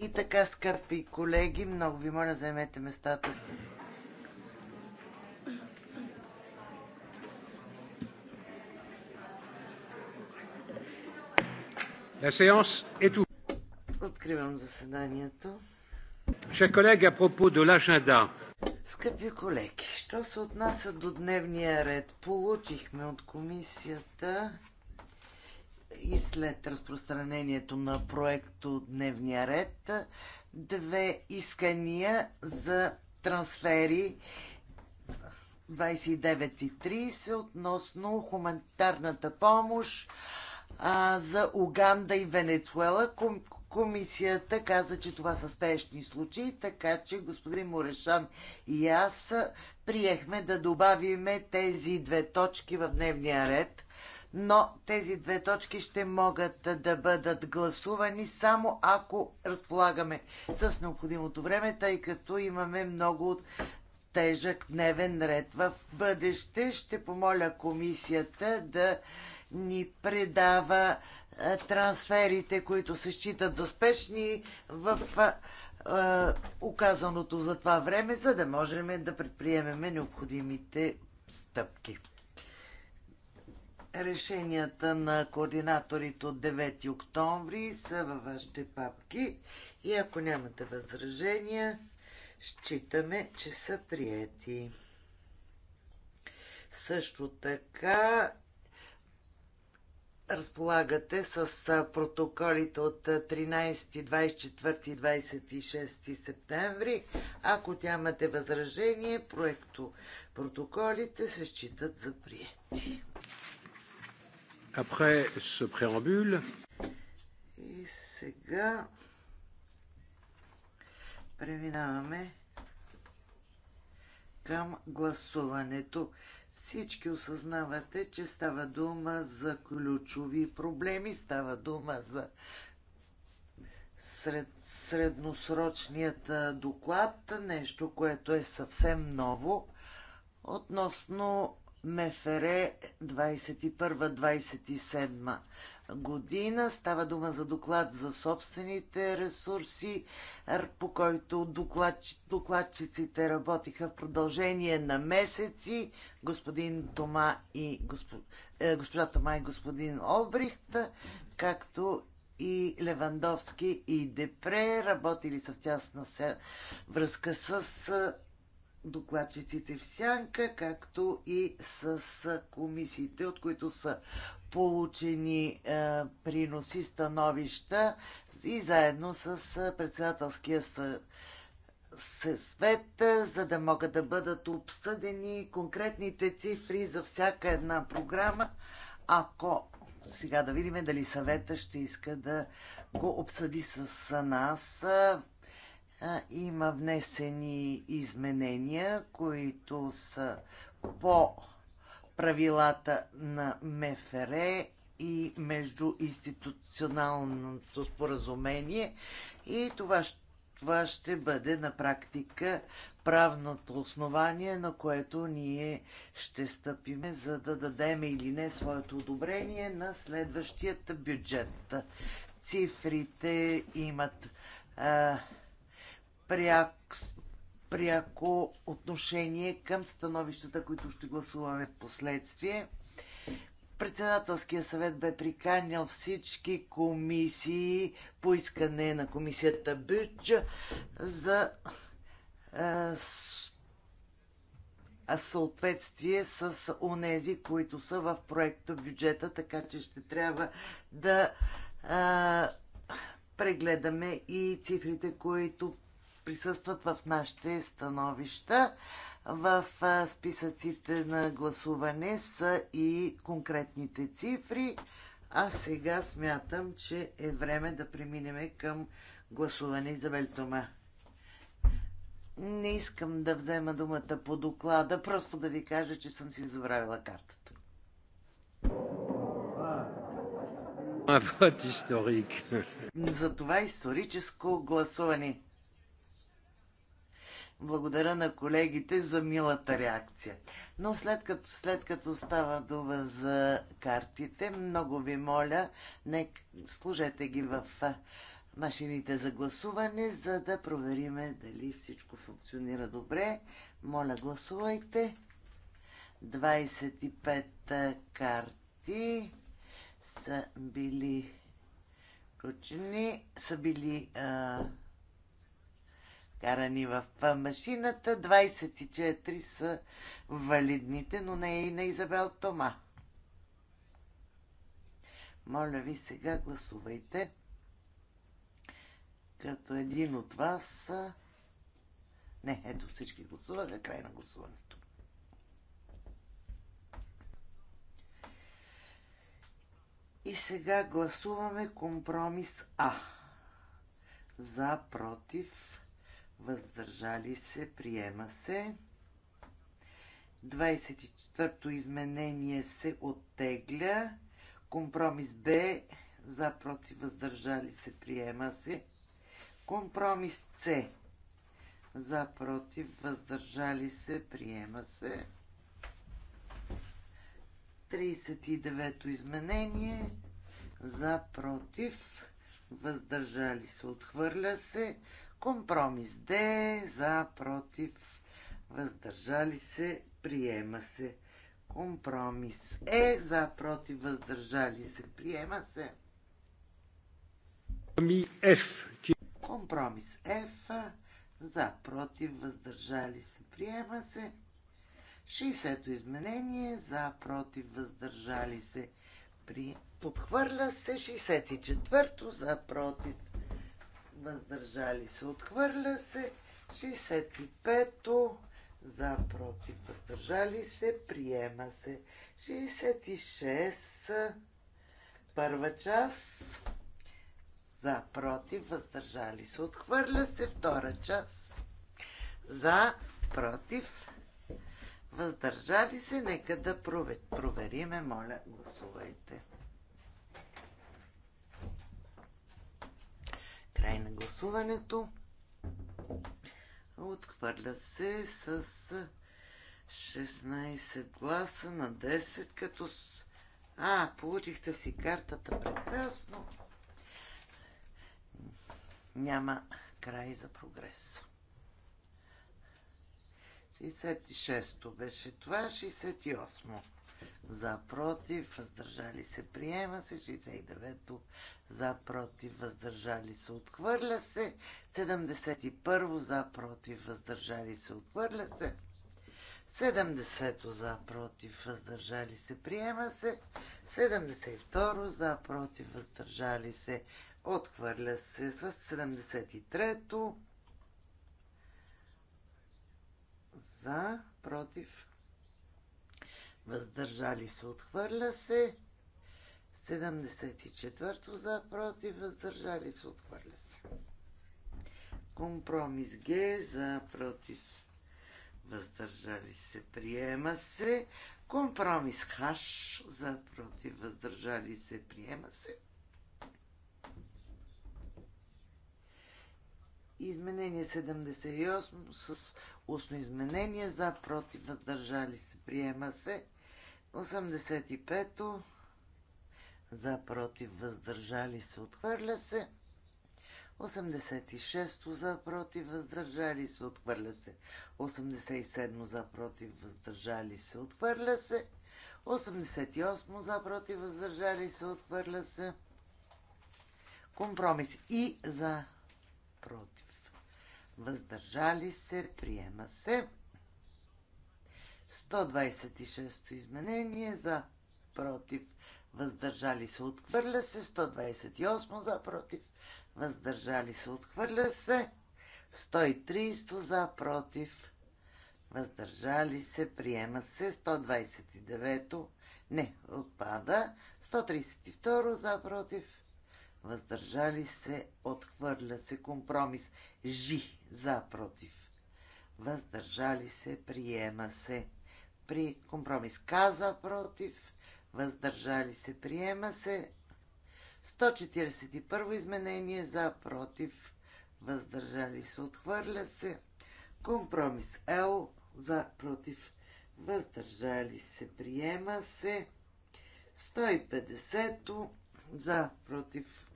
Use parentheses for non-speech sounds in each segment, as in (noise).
И така, скъпи колеги, много ви моля, заемете местата. La séance est ouverte. Откривам заседанието. Chers collègues, à propos de l'agenda. Скъпи колеги, що се отнася до дневния ред? Получихме от комисията и след разпространението на проекто Дневния ред две искания за трансфери 29.30 относно хуманитарната помощ а, за Уганда и Венецуела. Ком, комисията каза, че това са спешни случаи, така че господин Морешан и аз приехме да добавиме тези две точки в дневния ред – но тези две точки ще могат да бъдат гласувани само ако разполагаме с необходимото време, тъй като имаме много тежък дневен ред. В бъдеще ще помоля комисията да ни предава е, трансферите, които се считат за спешни в оказаното е, е, за това време, за да можем да предприемеме необходимите стъпки. Решенията на координаторите от 9 октомври са във вашите папки и ако нямате възражения, считаме, че са приети. Също така разполагате с протоколите от 13, 24 и 26 септември. Ако нямате възражение, проекто протоколите се считат за приети. Après ce préambule. И сега преминаваме към гласуването. Всички осъзнавате, че става дума за ключови проблеми, става дума за сред, средносрочният доклад, нещо, което е съвсем ново, относно МФР 21-27 е година. Става дума за доклад за собствените ресурси, по който доклад, докладчиците работиха в продължение на месеци. Господин Тома и госп... Е, госпожа Тома и господин Обрихт, както и Левандовски и Депре работили са в тясна връзка с е, докладчиците в сянка, както и с комисиите, от които са получени е, приноси, становища и заедно с е, председателския съвет, е, за да могат да бъдат обсъдени конкретните цифри за всяка една програма, ако сега да видим дали съвета ще иска да го обсъди с нас е, има внесени изменения, които са по правилата на МФР и между институционалното споразумение и това, това ще бъде на практика правното основание, на което ние ще стъпиме, за да дадем или не своето одобрение на следващият бюджет. Цифрите имат а, пряк, пряко отношение към становищата, които ще гласуваме в последствие. Председателския съвет бе приканял всички комисии по искане на комисията Бюч за е, а, съответствие с онези, които са в проекто бюджета, така че ще трябва да а, е, прегледаме и цифрите, които присъстват в нашите становища. В списъците на гласуване са и конкретните цифри. А сега смятам, че е време да преминем към гласуване за Тома. Не искам да взема думата по доклада, просто да ви кажа, че съм си забравила картата. (laughs) Затова историческо гласуване благодаря на колегите за милата реакция. Но след като, след като става дума за картите, много ви моля, не служете ги в машините за гласуване, за да провериме дали всичко функционира добре. Моля, гласувайте. 25 карти са били включени, са били а, карани в машината. 24 са валидните, но не е и на Изабел Тома. Моля ви сега гласувайте. Като един от вас... Не, ето всички гласуваха. Край на гласуването. И сега гласуваме компромис А. За, против, въздържали се, приема се. 24-то изменение се оттегля. Компромис Б за против въздържали се приема се. Компромис С за против въздържали се приема се. 39-то изменение за против въздържали се отхвърля се. Компромис Д за против въздържали се приема се. Компромис Е за против въздържали се приема се. Компромис Ф. за против въздържали се приема се. 60-то изменение за против въздържали се при Подхвърля се 64-то за против въздържали се, отхвърля се. 65-то, за, против, въздържали се, приема се. 66, първа част, за, против, въздържали се, отхвърля се, втора част, за, против, въздържали се, нека да провериме, моля, гласувайте. Край на гласуването. Отхвърля се с 16 гласа на 10, като... А, получихте си картата прекрасно. Няма край за прогрес. 66-то беше това, 68-то за против, въздържали се, приема се. 69-то за против, въздържали се, отхвърля се. 71 то за против, въздържали се, отхвърля се. 70-то за против, въздържали се, приема се. 72 то за против, въздържали се, отхвърля се. 73-то за против, въздържали се, отхвърля се. 74 за, против, въздържали се, отхвърля се. Компромис Г за, против, въздържали се, приема се. Компромис Х за, против, въздържали се, приема се. Изменение 78 с устно изменение за, против, въздържали се, приема се. 85-то. За, против, въздържали се, отхвърля се. 86-то за, против, въздържали се, отхвърля се. 87-то за, против, въздържали се, отхвърля се. 88 за против въздържали се, отхвърля се. Компромис и за против. Въздържали се, приема се. 126-то изменение за против, въздържали се, отхвърля се. 128 за против, въздържали се, отхвърля се. 130 за против, въздържали се, приема се. 129 не, отпада. 132 за против, въздържали се, отхвърля се. Компромис Жи за против, въздържали се, приема се при компромис каза против, въздържали се, приема се. 141 изменение за против, въздържали се, отхвърля се. Компромис Л за против, въздържали се, приема се. 150 за против,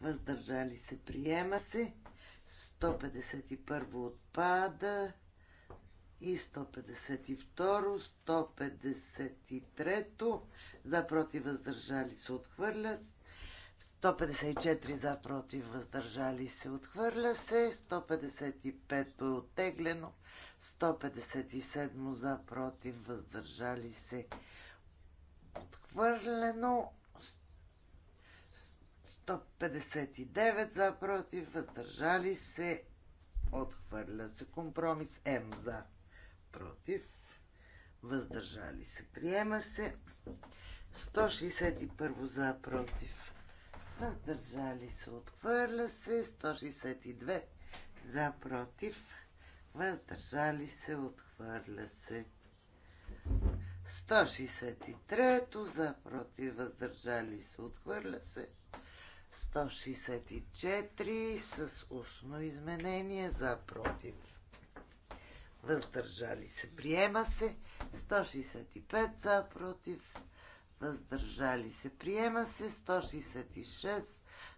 въздържали се, приема се. 151 отпада и 152, 153, за против въздържали се отхвърля, 154 за против въздържали се отхвърля се, 155 е оттеглено, 157 за против въздържали се отхвърлено, 159 за против въздържали се отхвърля се компромис М за против, въздържали се, приема се. 161 за, против, въздържали се, отхвърля се. 162 за, против, въздържали се, отхвърля се. 163 за, против, въздържали се, отхвърля се. 164 с устно изменение за против въздържали се. Приема се 165 за, против, въздържали се. Приема се 166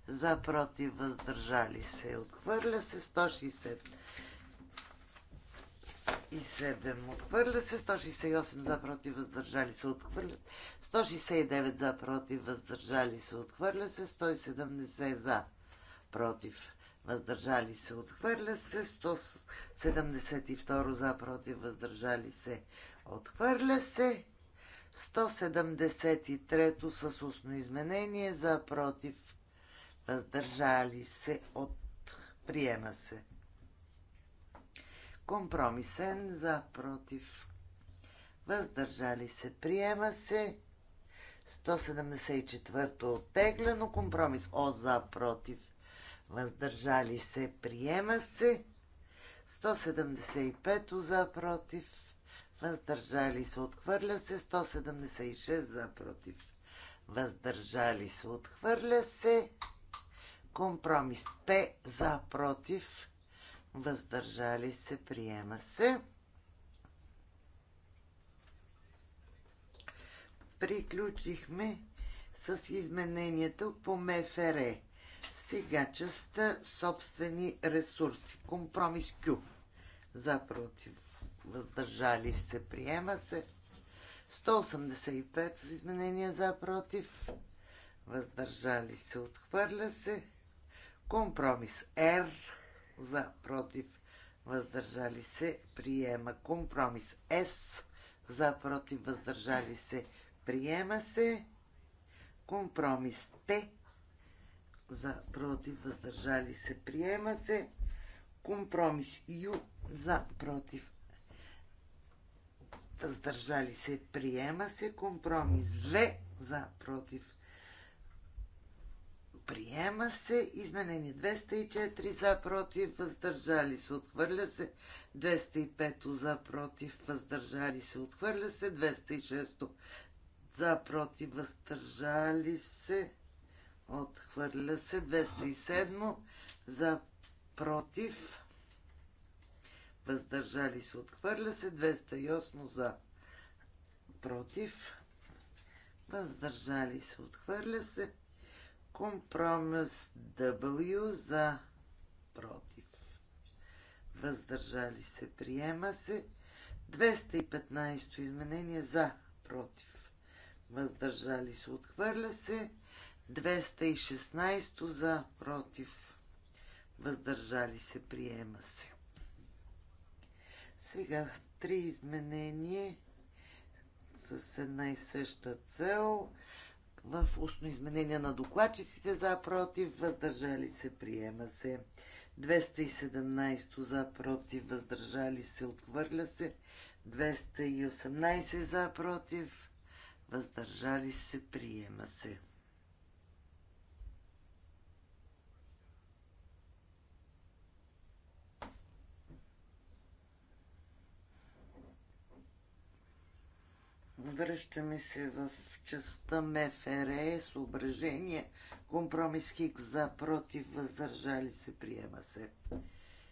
за, против, въздържали се. Отхвърля се 160 и 7. Отхвърля се 168 за против, въздържали се. Отхвърля 169 за против, въздържали се. Отхвърля се 170 за против, въздържали се, отхвърля се. 172 за, против, въздържали се, отхвърля се. 173 с устно изменение за, против, въздържали се, от приема се. Компромисен за, против, въздържали се, приема се. 174 оттеглено, компромис О за, против, въздържали се, приема се. 175 за против, въздържали се, отхвърля се. 176 за против, въздържали се, отхвърля се. Компромис П за против, въздържали се, приема се. Приключихме с измененията по МФР. Сега частта собствени ресурси. Компромис Q. За против. Въздържали се. Приема се. 185 изменения за против. Въздържали се. Отхвърля се. Компромис R. За против. Въздържали се. Приема. Компромис S. За против. Въздържали се. Приема се. Компромис Т за против, въздържали се, приема се. Компромис Ю за против, въздържали се, приема се. Компромис В за против, приема се. Изменени 204 за против, въздържали се, отхвърля се. 205 за против, въздържали се, отхвърля се. 206 за против, въздържали се. Отхвърля се 207 за против. Въздържали се. Отхвърля се 208 за против. Въздържали се. Отхвърля се. Компромис W за против. Въздържали се. Приема се. 215 изменение за против. Въздържали се. Отхвърля се. 216 за, против, въздържали се, приема се. Сега три изменения с една и съща цел в устно изменение на докладчиците за, против, въздържали се, приема се. 217 за, против, въздържали се, отхвърля се. 218 за, против, въздържали се, приема се. Връщаме се в частта МФР, съображение, компромис хик за, против, въздържали се, приема се.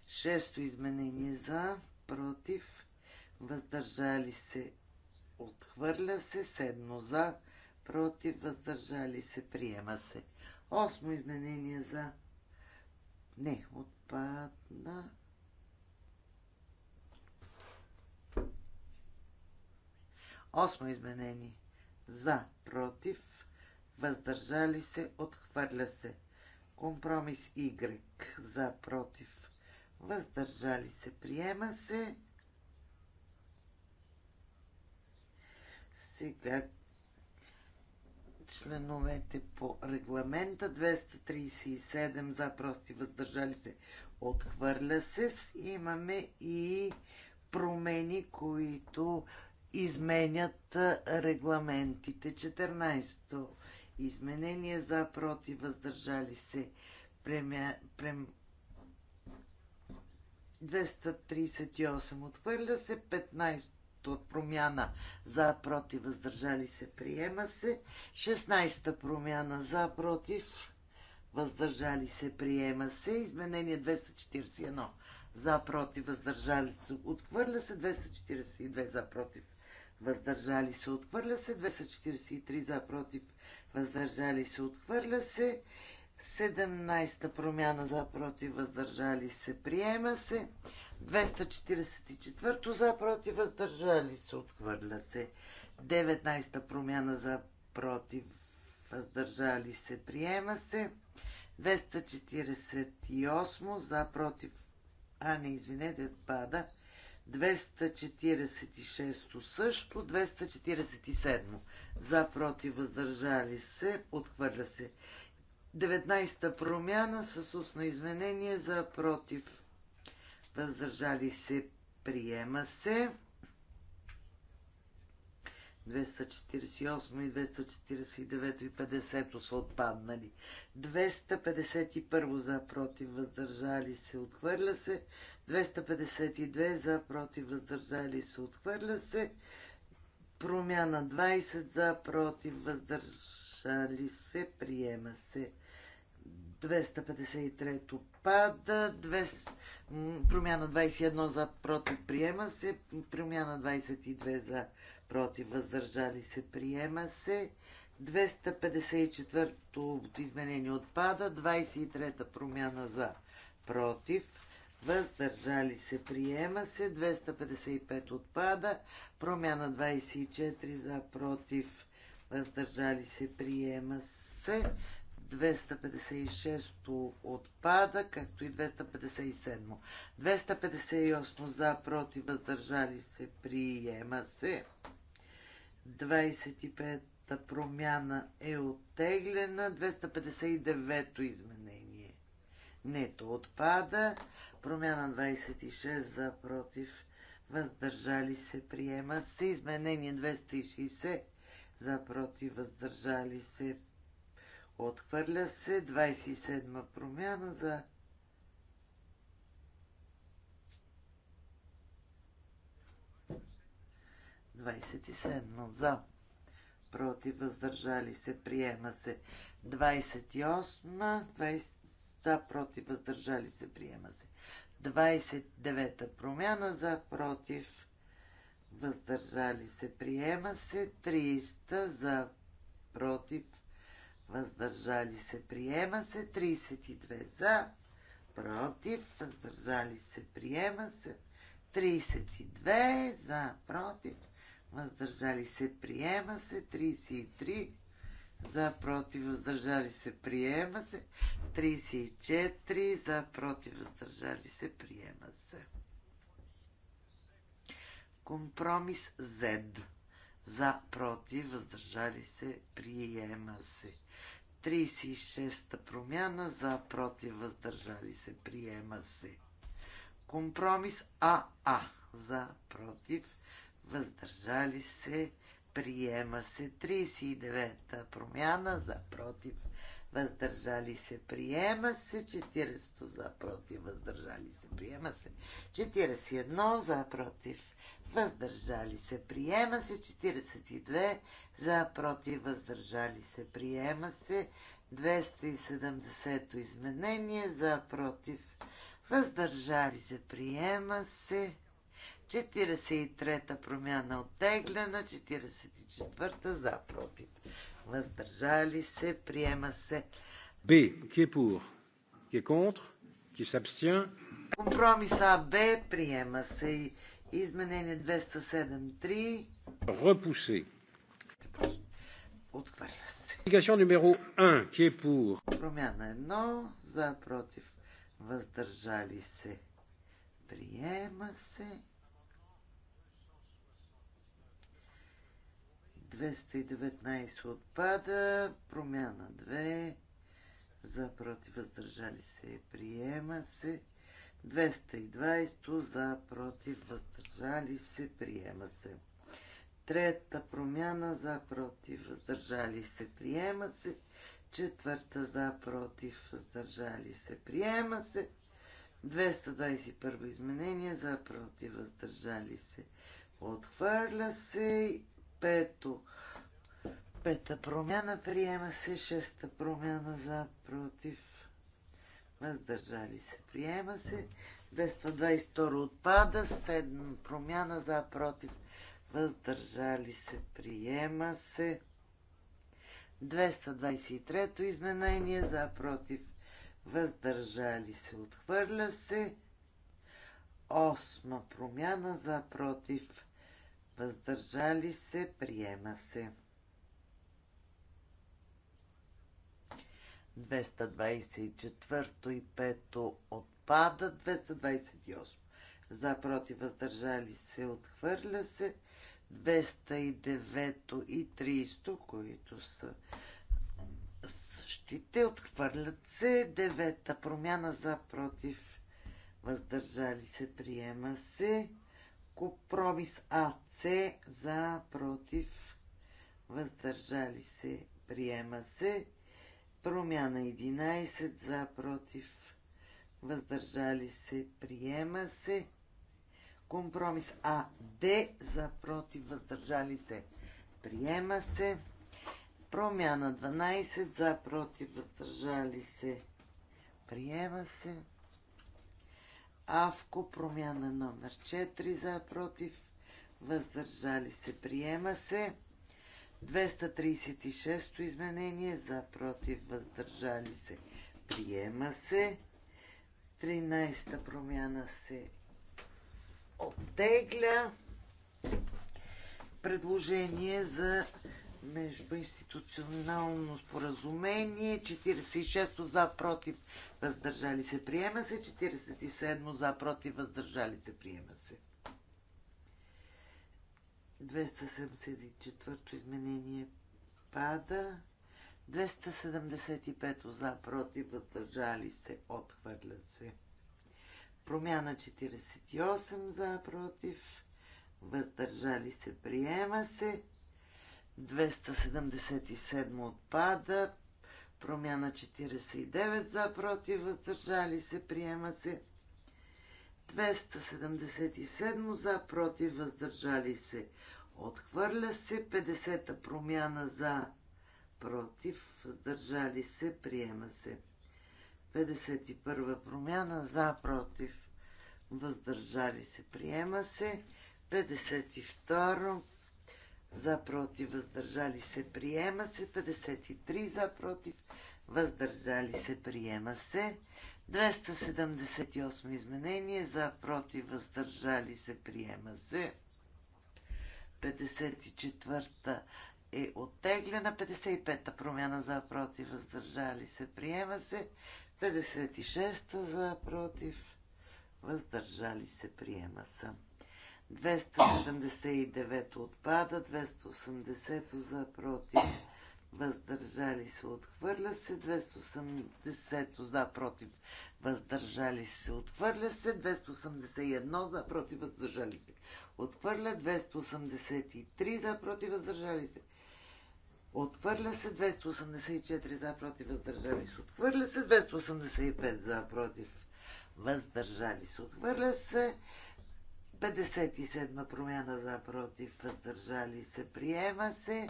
Шесто изменение за, против, въздържали се, отхвърля се. Седмо за, против, въздържали се, приема се. Осмо изменение за, не, отпадна. Осмо изменение. За, против, въздържали се, отхвърля се. Компромис Y. За, против, въздържали се, приема се. Сега членовете по регламента 237 за прости въздържали се отхвърля се. Имаме и промени, които изменят регламентите. 14-то изменение за против въздържали се премя... прем... 238 отхвърля се, 15-то промяна за против въздържали се приема се, 16-та промяна за против въздържали се приема се, изменение 241 за против въздържали се отхвърля се, 242 за против въздържали се, отхвърля се. 243 за, против, въздържали се, отхвърля се. 17-та промяна за, против, въздържали се, приема се. 244-то за, против, въздържали се, отхвърля се. 19-та промяна за, против, въздържали се, приема се. 248 за, против, а не, извинете, пада. 246 също, 247 за против въздържали се, отхвърля се. 19-та промяна с устно изменение за против въздържали се, приема се. 248 и 249 и 50 са отпаднали. 251 за против въздържали се отхвърля се. 252 за против въздържали се отхвърля се. Промяна 20 за против въздържали се приема се. 253 пада, 200, промяна 21 за против приема се, промяна 22 за против въздържали се приема се, 254-то изменение отпада, 23-та промяна за против, въздържали се приема се, 255 отпада, промяна 24 за против, въздържали се приема се, 256 отпада, както и 257. 258 за, против, въздържали се, приема се. 25-та промяна е оттеглена. 259-то изменение. Нето отпада. Промяна 26 за, против, въздържали се, приема се. Изменение 260 за, против, въздържали се, приема се Отхвърля се 27-ма промяна за Двадесет и седмо за против въздържали се приема се 28 за против въздържали се приема се 29 промяна за против въздържали се приема се 300 за против въздържали се, приема се, 32 за, против, въздържали се, приема се, 32 за, против, въздържали се, приема се, 33 за, против, въздържали се, приема се, 34 за, против, въздържали се, приема се. Компромис Z. За, против, въздържали се, приема се. 36-та промяна за против въздържали се приема се. Компромис АА за против въздържали се приема се. 39-та промяна за против въздържали се приема се. 40 за против въздържали се приема се. 41 за против въздържали се, приема се 42, за, против, въздържали се, приема се 270 то изменение, за, против, въздържали се, приема се 43-та промяна оттеглена, 44-та за, против, въздържали се, приема се. Б. Qui est pour? Qui est contre? Qui s'abstient? Компромиса Б приема се и Изменение 207.3. Repoussé. Отхвърля се. Application numéro 1, qui est pour. Промяна 1, за, против, въздържали се. Приема се. 219 отпада. Промяна 2. За, против, въздържали се. Приема се. 220 за, против, въздържали се, приема се. Трета промяна за, против, въздържали се, приема се. Четвърта за, против, въздържали се, приема се. 221 изменение за, против, въздържали се, отхвърля се. Пето. Пета промяна приема се. Шеста промяна за, против, въздържали се. Приема се. 222 отпада. 7 промяна за против. Въздържали се. Приема се. 223 изменение за против. Въздържали се. Отхвърля се. Осма промяна за против. Въздържали се. Приема се. 224 и 5 отпада. 228 за против въздържали се отхвърля се. 209 и 300, които са същите, отхвърлят се. 9-та промяна за против въздържали се, приема се. Компромис АЦ за против въздържали се, приема се. Промяна 11 за против. Въздържали се. Приема се. Компромис А. Д за против. Въздържали се. Приема се. Промяна 12 за против. Въздържали се. Приема се. Авко промяна номер 4 за против. Въздържали се. Приема се. 236-то изменение за против въздържали се. Приема се. 13-та промяна се оттегля. Предложение за междуинституционално споразумение. 46-то за против въздържали се. Приема се. 47-то за против въздържали се. Приема се. 274 изменение пада. 275 за, против, въздържали се, отхвърля се. Промяна 48 за, против, въздържали се, приема се. 277 отпада. Промяна 49 за, против, въздържали се, приема се. 277 за, против, въздържали се. Отхвърля се 50-та промяна за, против, въздържали се, приема се. 51-а промяна за, против, въздържали се, приема се. 52 за, против, въздържали се, приема се. 53 за, против, въздържали се, приема се. 278 изменение за против въздържали се приема се. 54-та е оттеглена. 55-та промяна за против въздържали се приема се. 56-та за против въздържали се приема се. 279 отпада, 280 за против въздържали се, отхвърля се, 280 за, против, въздържали се, отхвърля се, 281 за, против, въздържали се, отхвърля, 283 за, против, въздържали се, отхвърля се, 284 за, против, въздържали се, отхвърля се, 285 за, против, въздържали се, отхвърля се, 57 промяна за, против, въздържали се, приема се,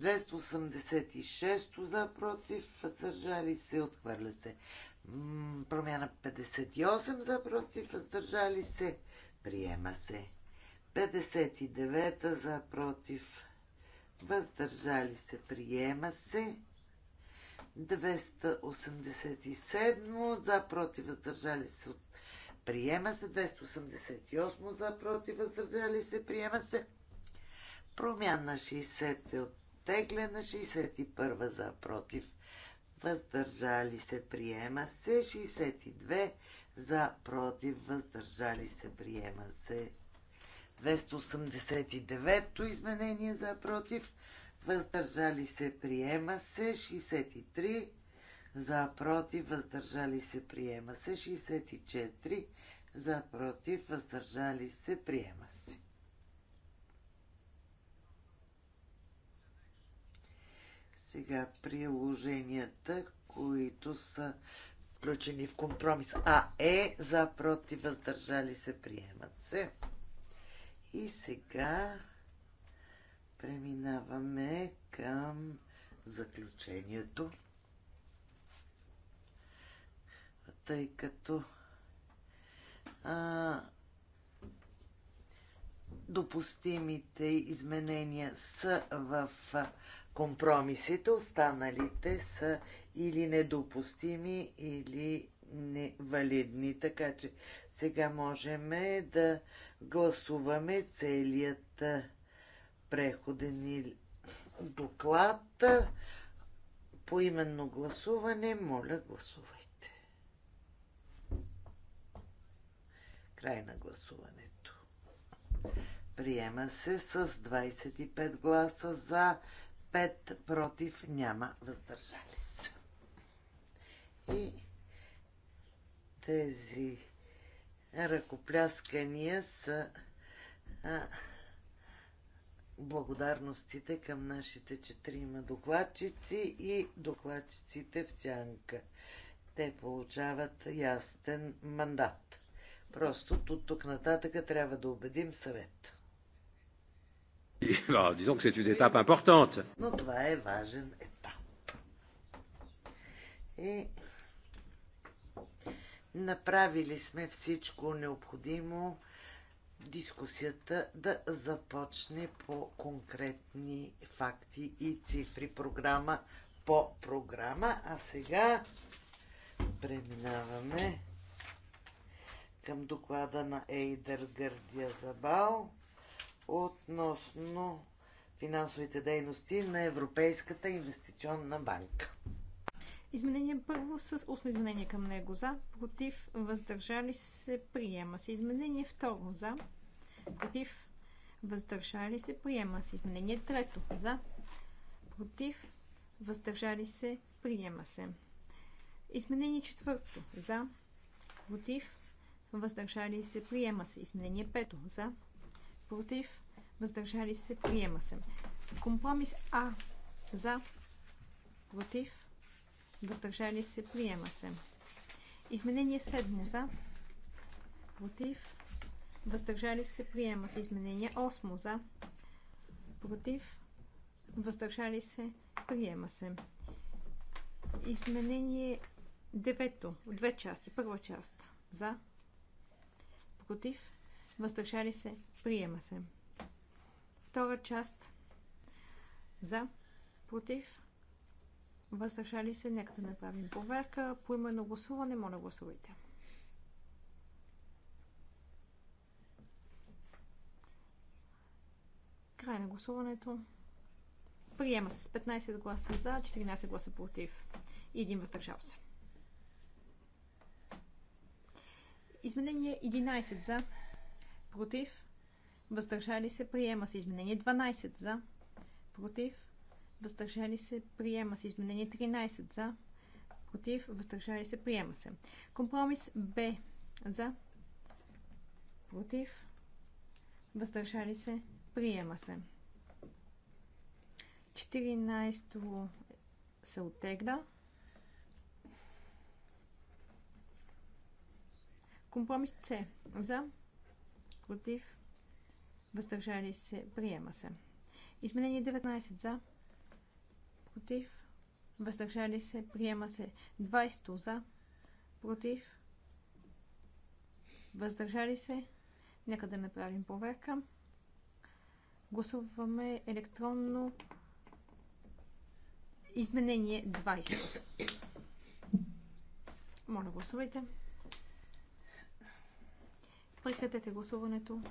286 за против, въздържали се, отхвърля се. Промяна 58 за против, въздържали се, приема се. 59 за против, въздържали се, приема се. 287 за против, въздържали се, приема се. 288 за против, въздържали се, приема се. Промяна 60 е от оттеглена. 61 за, против, въздържали се, приема се. 62 за, против, въздържали се, приема се. 289-то изменение за, против, въздържали се, приема се. 63 за, против, въздържали се, приема се. 64 за, против, въздържали се, приема се. Сега приложенията, които са включени в компромис А е за против въздържали се приемат се. И сега преминаваме към заключението. Тъй като а, допустимите изменения са в компромисите, останалите са или недопустими, или невалидни. Така че сега можем да гласуваме целият преходен доклад. По именно гласуване, моля гласувайте. Край на гласуването. Приема се с 25 гласа за, 5 против, няма въздържали се. И тези ръкопляскания са а, благодарностите към нашите четирима докладчици и докладчиците в сянка. Те получават ясен мандат. Просто тук нататък трябва да убедим съвет. (laughs) bon, disons que c'est une étape importante. Но това е важен етап. И направили сме всичко необходимо дискусията да започне по конкретни факти и цифри, програма по програма. А сега преминаваме към доклада на Ейдър Гърдия Забал относно финансовите дейности на Европейската инвестиционна банка. Изменение първо с устно изменение към него за, против, въздържали се, приема се. Изменение второ за, против, въздържали се, приема се. Изменение трето за, против, въздържали се, приема се. Изменение четвърто за, против, въздържали се, приема се. Изменение пето за, против, въздържали се, приема се. Компромис А за, против, въздържали се, приема се. Изменение 7 за, против, въздържали се, приема се. Изменение 8 за, против, въздържали се, приема се. Изменение 9. Две части. Първа част за, против, въздържали се, Приема се. Втора част. За. Против. Въздържали се. Нека да направим проверка. По именно гласуване, моля гласувайте. Край на гласуването. Приема се с 15 гласа за, 14 гласа против и един въздържал се. Изменение 11 за, против, въздържали се, приема се. Изменение 12 за, против, въздържали се, приема се. Изменение 13 за, против, въздържали се, приема се. Компромис Б за, против, въздържали се, приема се. 14 се отегна. Компромис С за, против, въздържали се, приема се. Изменение 19 за, против, въздържали се, приема се. 20 за, против, въздържали се. Нека да направим проверка. Гласуваме електронно изменение 20. Моля, гласувайте. Прекратете гласуването.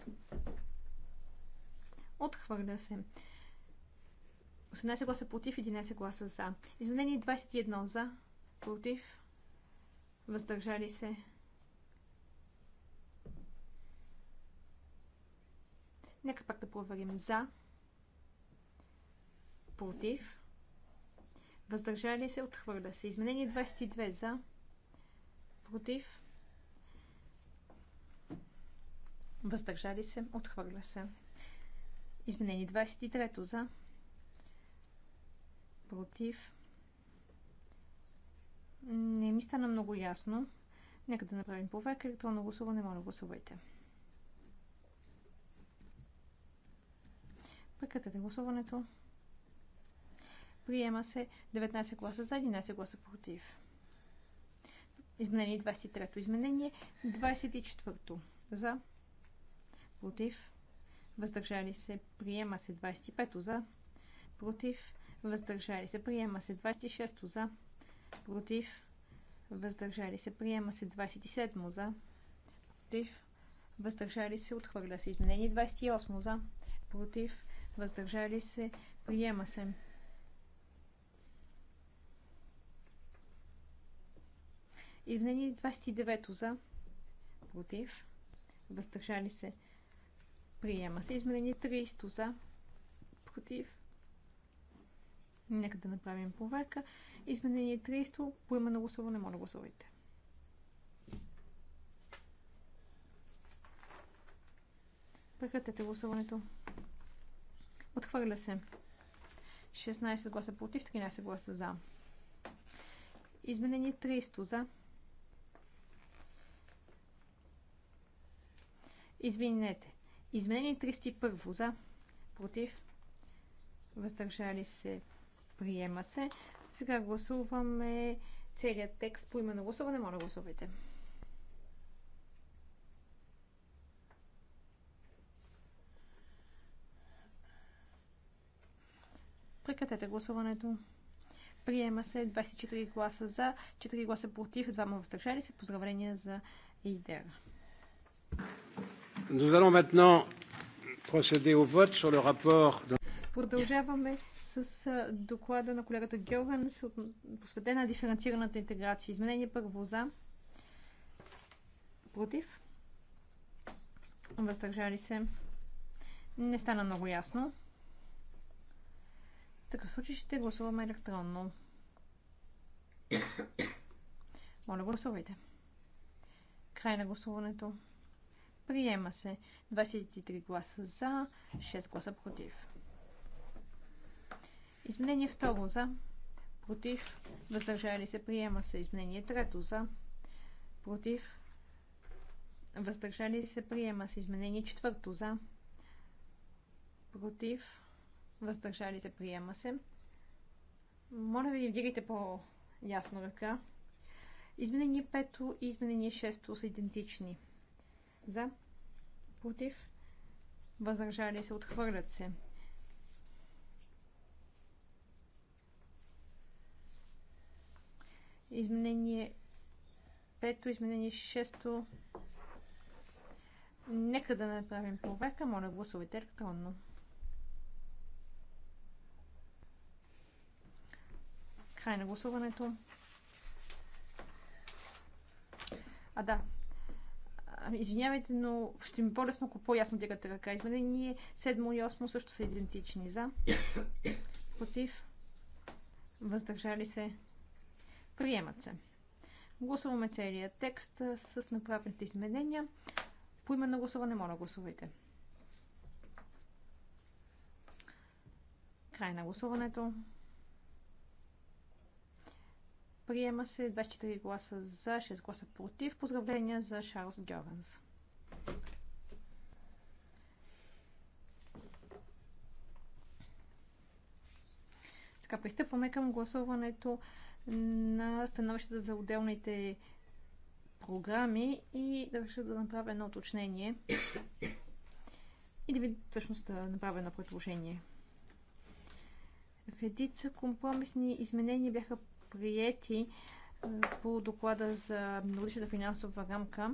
Отхвърля се. 18 гласа против, 11 гласа за. Изменение 21 за, против, въздържали се. Нека пак да проверим за, против, въздържали се, отхвърля се. Изменение 22 за, против, въздържали се, отхвърля се. Изменени 23 за. Против. Не ми стана много ясно. Нека да направим проверка. Електронно гласуване, моля гласувайте. Прекратете гласуването. Приема се 19 гласа за, 11 гласа против. Изменение 23-то. Изменение 24-то. За. Против въздържали се, приема се 25 за, против, въздържали се, приема се 26 за, против, въздържали се, приема се 27 за, против, въздържали се, отхвърля се изменение 28 за, против, въздържали се, приема се. Изменение 29 за, против, въздържали се, се Приема се изменение 300 за. Против. Нека да направим проверка. Изменение 300. Поема на гласуване, моля гласувайте. Прекратете гласуването. Отхвърля се. 16 гласа против, 13 гласа за. Изменение 300 за. Извинете. Изменение 31 за, против, въздържали се, приема се. Сега гласуваме целият текст по име гласуване. Моля, гласувайте. Прекратете гласуването. Приема се 24 гласа за, 4 гласа против, 2 въздържали се. Поздравления за Идера. Nous allons maintenant procéder au vote sur le rapport. Продължаваме с доклада на колегата Георган, посветен на диференцираната интеграция. Изменение първо за. Против. Въздържали се. Не стана много ясно. В такъв случай ще гласуваме електронно. Моля, гласувайте. Край на гласуването. Приема се 23 гласа за, 6 гласа против. Изменение второ за, против, въздържали се, приема се. Изменение трето за, против, въздържали се, приема се. Изменение четвърто за, против, въздържали се, приема се. Моля ви, вдигайте по-ясно ръка. Изменение пето и изменение шесто са идентични. За. Против. възражали се. Отхвърлят се. Изменение 5, изменение 6. Нека да направим проверка. Моля, гласувайте електронно. Край на гласуването. А да, Ами, извинявайте, но ще ми е по-лесно, ако по-ясно дигате ръка. Изменение Седмо и 8 също са идентични. За. Против. Въздържали се. Приемат се. Гласуваме целият текст с направените изменения. По име на гласуване, моля гласувайте. Край на гласуването. Приема се 24 гласа за, 6 гласа против. Поздравления за Шарлз Гьовенс. Сега пристъпваме към гласуването на становищата за отделните програми и реша да направя едно уточнение и да ви всъщност да направя едно предложение. Редица компромисни изменения бяха приети по доклада за многодишната финансова рамка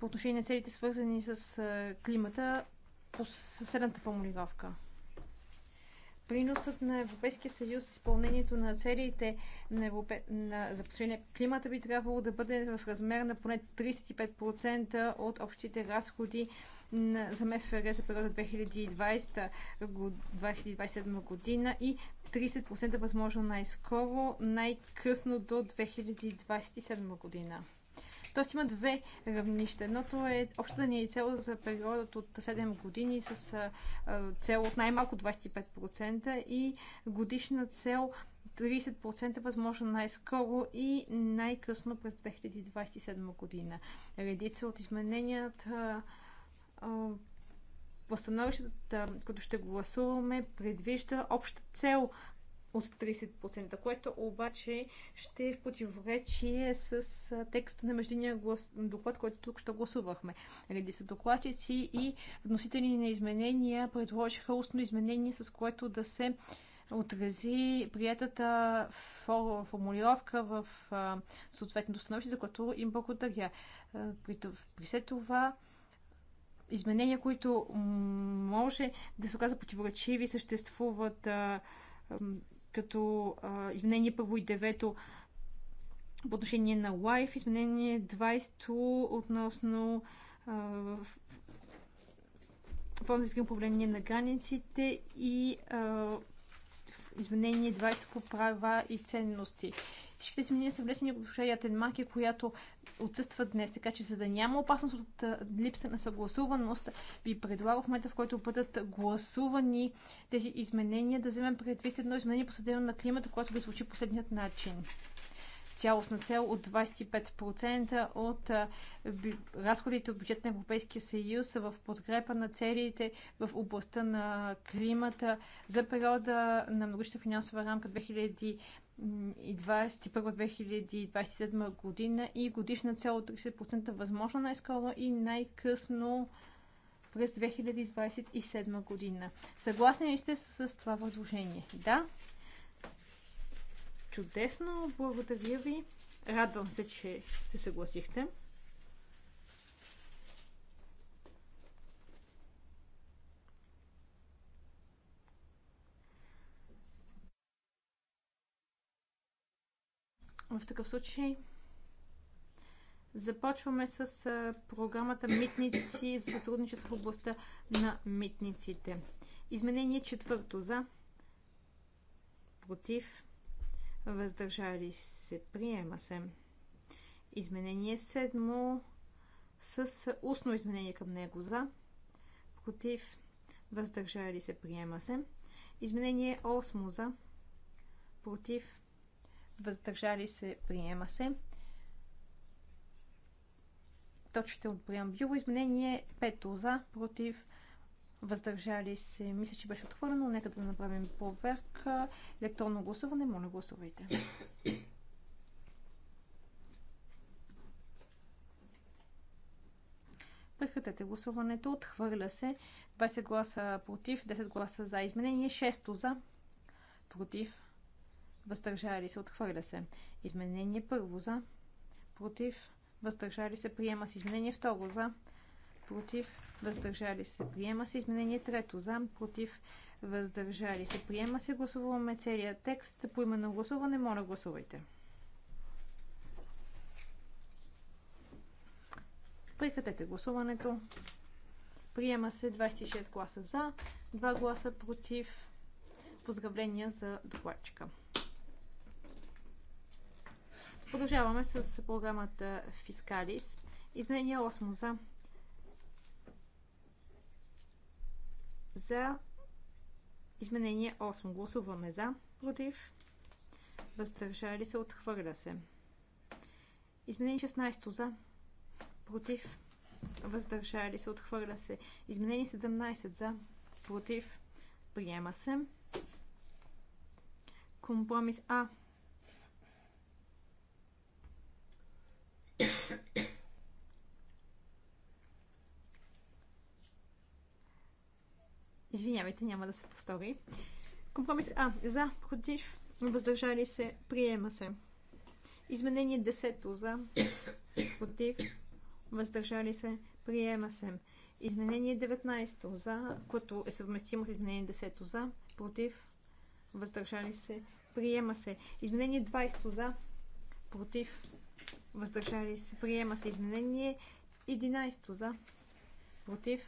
по отношение на целите свързани с климата по съседната формулировка. Приносът на Европейския съюз с изпълнението на целите на Европе... на... за постижение климата би трябвало да бъде в размер на поне 35% от общите разходи на, за МФР за периода 2020, 2027 година и 30% възможно най-скоро, най-късно до 2027 година. Тоест има две равнища. Едното е общата ни е цел за периодът от 7 години с цел от най-малко 25% и годишна цел 30% възможно най-скоро и най-късно през 2027 година. Редица от измененията Възстановищата, като ще гласуваме, предвижда обща цел от 30%, което обаче ще е в противоречие с текста на междинния глас... доклад, който тук ще гласувахме. Реди са докладчици и вносители на изменения предложиха устно изменение, с което да се отрази приятата формулировка в съответното становище, за което им благодаря. При, при след това изменения, които може да се оказа противоречиви, съществуват а, като а, изменение първо и девето по отношение на лайф, изменение 20 относно а, фонд за управление на границите и а, изменение 20 по права и ценности. Всичките изменения са влесени от госпожа Ятенмаки, която отсъства днес, така че за да няма опасност от липса на съгласуваност, ви предлагам в момента, в който бъдат гласувани тези изменения, да вземем предвид едно изменение посветено на климата, което да звучи последният начин цялостна цел от 25% от разходите от бюджет на Европейския съюз в подкрепа на целите в областта на климата за периода на многоща финансова рамка 2000 2021-2027 година и годишна цел от 30% възможно най-скоро и най-късно през 2027 година. Съгласни ли сте с това предложение? Да. Чудесно, благодаря ви. Радвам се, че се съгласихте. В такъв случай започваме с програмата Митници за сътрудничество в областта на митниците. Изменение четвърто за против въздържали се, приема се. Изменение седмо с устно изменение към него за, против, въздържали се, приема се. Изменение 8 за, против, въздържали се, приема се. Точките от преамбюро. Изменение 5 за, против, въздържали се. Мисля, че беше отхвърлено. Нека да направим проверка. Електронно гласуване. Моля, гласувайте. Прекратете гласуването. Отхвърля се. 20 гласа против, 10 гласа за изменение, 6 за, против, въздържали се, отхвърля се. Изменение първо за, против, въздържали се, приема с изменение второ за, против, въздържали се, приема се. Изменение трето за, против, въздържали се, приема се. Гласуваме целият текст по именно гласуване. Моля, гласувайте. Прекратете гласуването. Приема се 26 гласа за, 2 гласа против. Поздравления за докладчика. Продължаваме с програмата Фискалис. Изменение 8 за, за изменение 8. Гласуваме за, против, въздържали се, отхвърля се. Изменение 16 за, против, въздържали се, отхвърля се. Изменение 17 за, против, приема се. Компромис А Извинявайте, няма да се повтори. Компромис А. За, против, въздържали се, приема се. Изменение 10. За, против, въздържали се, приема се. Изменение 19. За, което е съвместимо с изменение 10. За, против, въздържали се, приема се. Изменение 20. За, против, въздържали се, приема се. Изменение 11. За, против,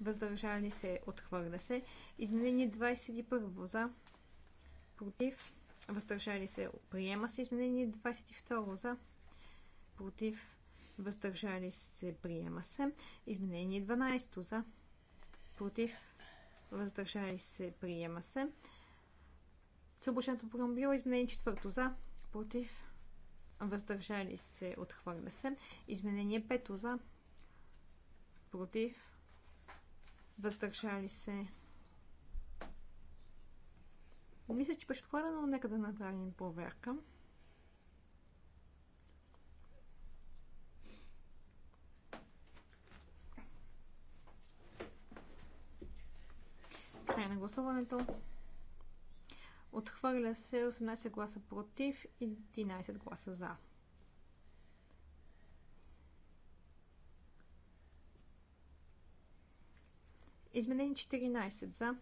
въздържали се, отхвърля се. Изменение 21 за, против, въздържали се, приема се. Изменение 22 за, против, въздържали се, приема се. Изменение 12 за, против, въздържали се, приема се. програма промбило изменение 4 за, против, въздържали се, отхвърля се. Изменение 5 за, против, въздържали се. Мисля, че беше отхвърлено, но нека да направим проверка. Край на гласуването. Отхвърля се 18 гласа против и 11 гласа за. Изменени 14 за.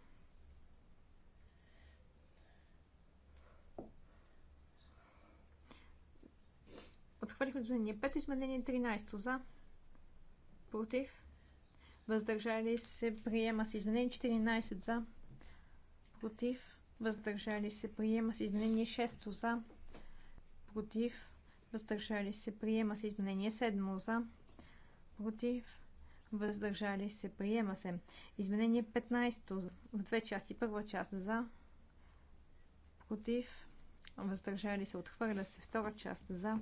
Отхвърлихме изменение 5, изменение 13 за. Против. Въздържали се, приема се изменение 14 за. Против. Въздържали се, приема се изменение 6 за. Против. Въздържали се, приема се изменение 7 за. Против въздържали се, приема се. Изменение 15 в две части. Първа част за, против, въздържали се, отхвърля се. Втора част за,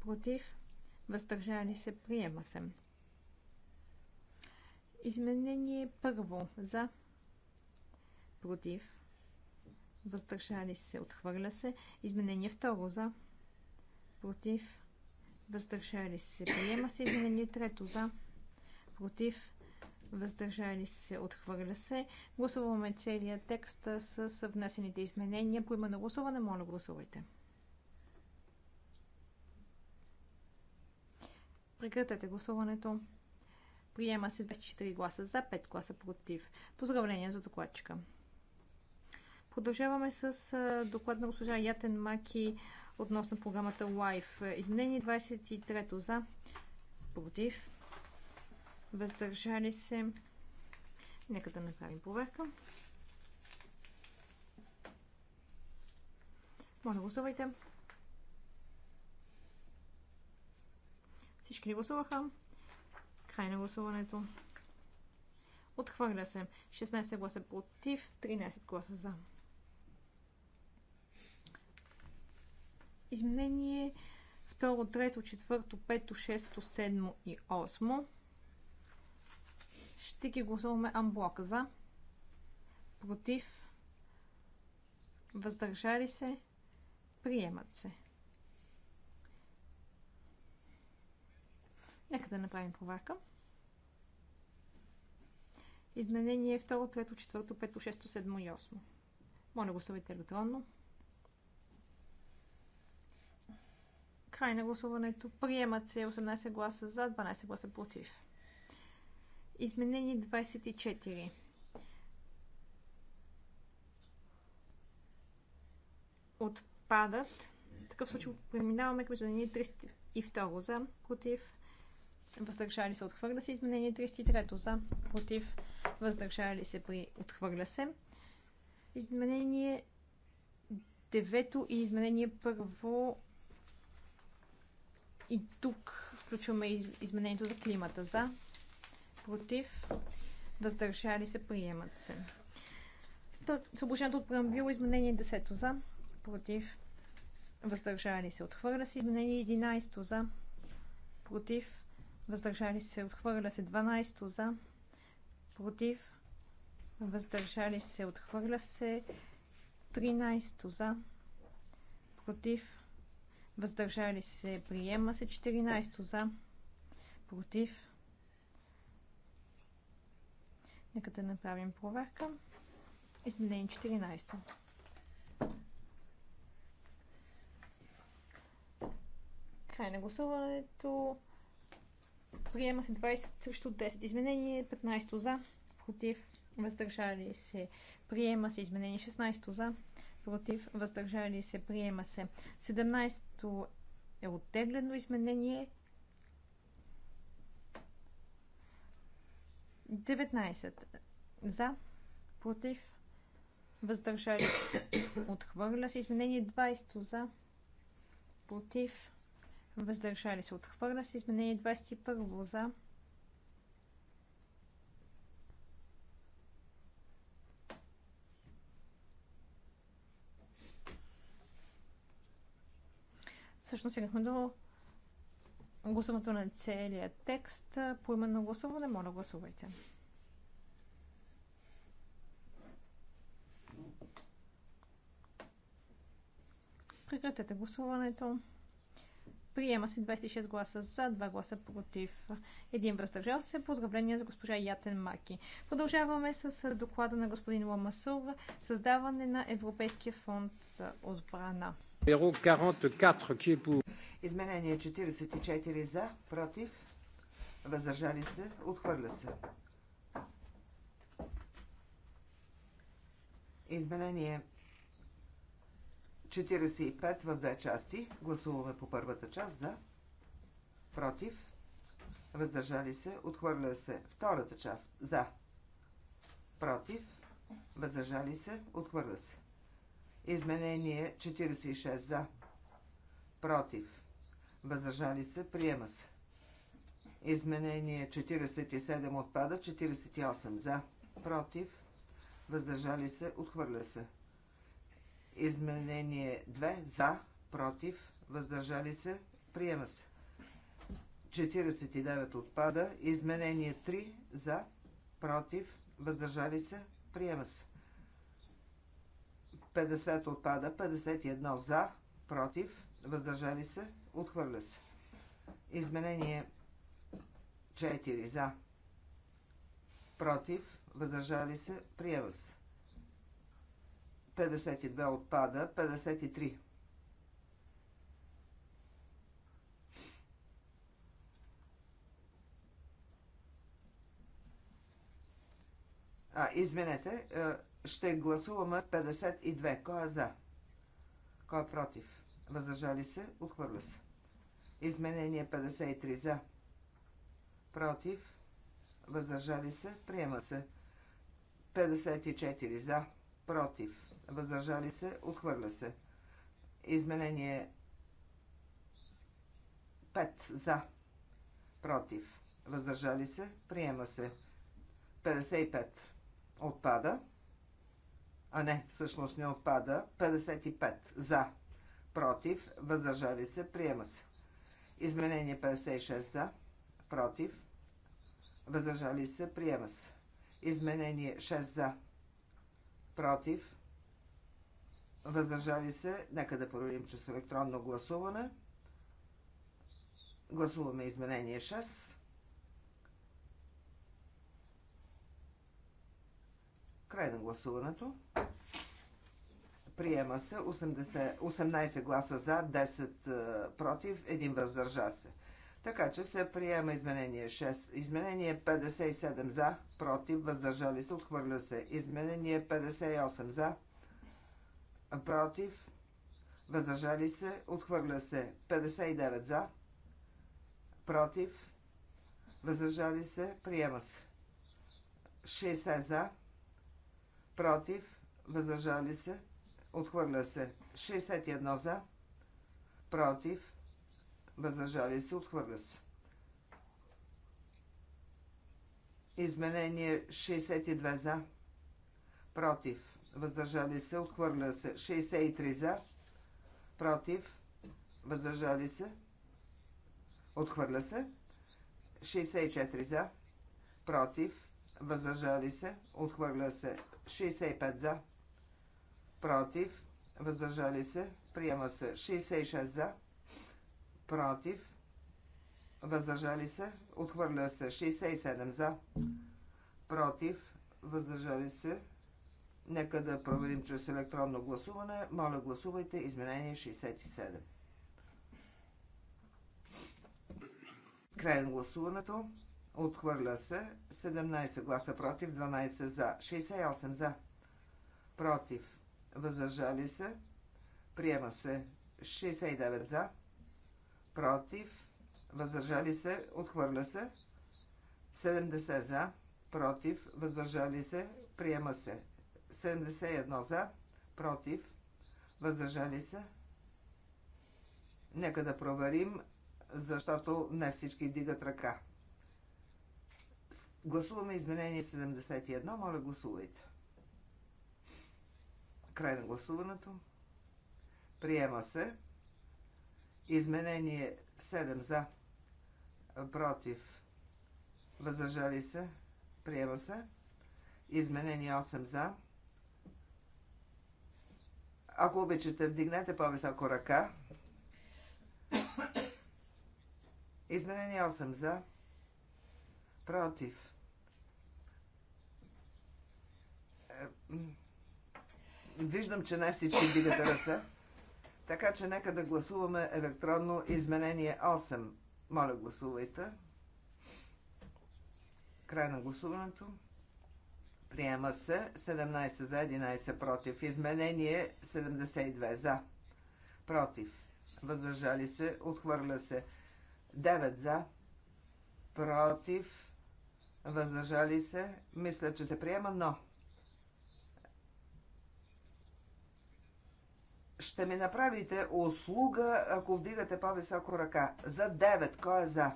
против, въздържали се, приема се. Изменение първо за, против, въздържали се, отхвърля се. Изменение второ за, против, въздържали се. Приема се изменение трето за, против, въздържали се, отхвърля се. Гласуваме целия текст с внесените изменения. По има на гласуване, моля гласувайте. Прекратете гласуването. Приема се 24 гласа за, 5 гласа против. Поздравление за докладчика. Продължаваме с доклад на госпожа Ятен Маки относно програмата LIFE. Изменение 23 за, против, въздържали се. Нека да направим проверка. Моля, гласувайте. Всички ли гласуваха? Край на гласуването. Отхвърля се. 16 гласа против, 13 гласа за. изменение. Второ, трето, четвърто, пето, шесто, седмо и осмо. Ще ги гласуваме амблока за. Против. Въздържали се. Приемат се. Нека да направим проверка. Изменение 2, 3, 4, 5, 6, 7 и 8. Моля го съвете електронно. Край на гласуването. Приемат се 18 гласа за, 12 гласа против. Изменение 24. Отпадат. В такъв случай преминаваме към изменение 32 за, против. Въздържали се, отхвърля се. Изменение 33 за, против. Въздържали се, при отхвърля се. Изменение 9 и изменение първо и тук включваме изменението за климата. За, против, въздържали се, приемат се. Съобщението от преамбило изменение 10 за, против, въздържали се, отхвърля се. Изменение 11 за, против, въздържали се, отхвърля се. 12 за, против, въздържали се, отхвърля се. 13 за, против, въздържали се, приема се 14 за, против. Нека да направим проверка. Изменение 14. Край на гласуването. Приема се 20 срещу 10. Изменение 15 за, против, въздържали се. Приема се изменение 16 за, против, въздържали се, приема се. 17 то е оттеглено изменение. 19 за, против, въздържали се, отхвърля се. Изменение 20 за, против, въздържали се, отхвърля се. Изменение 21 за, Всъщност стигнахме до гласуването на целия текст. По на гласуване, моля гласувайте. Прекратете гласуването. Приема се 26 гласа за, 2 гласа против, 1 въздържал се. Поздравление за госпожа Ятен Маки. Продължаваме с доклада на господин Ламасур. Създаване на Европейския фонд за отбрана. Изменение 44 за, против, въздържали се, отхвърля се. Изменение 45 в две части. Гласуваме по първата част за, против, въздържали се, отхвърля се. Втората част за, против, въздържали се, отхвърля се. Изменение 46 за. Против. Въздържали се. Приема се. Изменение 47 отпада. 48 за. Против. Въздържали се. Отхвърля се. Изменение 2 за. Против. Въздържали се. Приема се. 49 отпада. Изменение 3 за. Против. Въздържали се. Приема се. 50 отпада, 51 за, против, въздържали се, отхвърля се. Изменение 4 за, против, въздържали се, приема се. 52 отпада, 53. А, извинете, е, ще гласуваме 52. Кой е за? Кой е против? Въздържали се? Отхвърля се. Изменение 53 за. Против? Въздържали се? Приема се. 54 за. Против? Въздържали се? Отхвърля се. Изменение 5 за. Против? Въздържали се? Приема се. 55 отпада а не, всъщност не отпада. 55 за, против, въздържали се, приема се. Изменение 56 за, против, въздържали се, приема се. Изменение 6 за, против, въздържали се, нека да проверим чрез електронно гласуване. Гласуваме изменение 6. Край на гласуването. Приема се 80, 18 гласа за, 10 е, против, 1 въздържа се. Така че се приема изменение 6. Изменение 57 за, против, въздържали се, отхвърля се. Изменение 58 за, против, въздържали се, отхвърля се. 59 за, против, въздържали се, приема се. 60 за, против, въздържали се, отхвърля се. 61 за, против, въздържали се, отхвърля се. Изменение 62 за, против, въздържали се, отхвърля се. 63 за, против, въздържали се, отхвърля се. 64 за, против, въздържали се, отхвърля се 65 за, против, въздържали се, приема се 66 за, против, въздържали се, отхвърля се 67 за, против, въздържали се. Нека да проверим чрез електронно гласуване. Моля, гласувайте изменение 67. Край на гласуването. Отхвърля се 17 гласа против, 12 за, 68 за, против, въздържали се, приема се 69 за, против, въздържали се, отхвърля се 70 за, против, въздържали се, приема се 71 за, против, въздържали се. Нека да проверим, защото не всички дигат ръка. Гласуваме изменение 71. Моля, гласувайте. Край на гласуването. Приема се. Изменение 7 за. Против. Въздържали се. Приема се. Изменение 8 за. Ако обичате, вдигнете по-високо ръка. Изменение 8 за. Против. Виждам, че не всички вдигате ръце. Така че нека да гласуваме електронно изменение 8. Моля, гласувайте. Край на гласуването. Приема се 17 за 11 против. Изменение 72 за. Против. Въздържали се. Отхвърля се. 9 за. Против. Въздържали се. Мисля, че се приема, но ще ми направите услуга, ако вдигате по-високо ръка. За 9. Кой е за?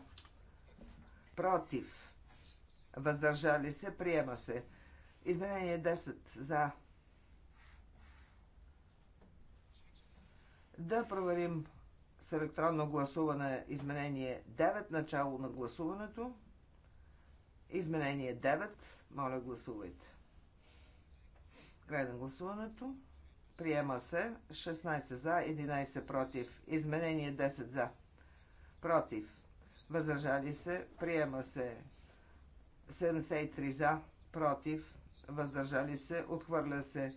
Против. Въздържали се. Приема се. Изменение 10. За. Да проверим с електронно гласуване изменение 9. Начало на гласуването. Изменение 9. Моля, гласувайте. Край на гласуването. Приема се 16 за, 11 против. Изменение 10 за. Против. Въздържали се. Приема се 73 за. Против. Въздържали се. Отхвърля се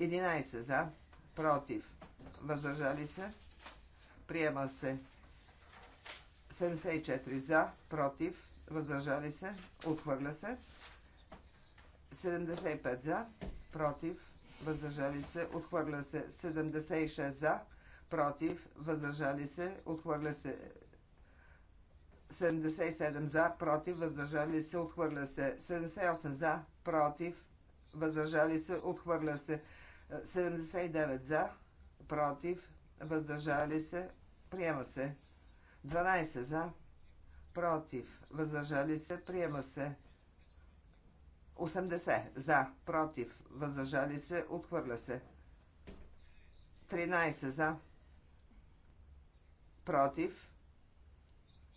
11 за. Против. Въздържали се. Приема се 74 за. Против. Въздържали се. Отхвърля се. 75 за. Против въздържали се, отхвърля се 76 за, против, въздържали се, отхвърля се 77 за, против, въздържали се, отхвърля се 78 за, против, въздържали се, отхвърля се 79 за, против, въздържали се, приема се 12 за, против, въздържали се, приема се 80 за, против, въздържали се, отхвърля се. 13 за, против,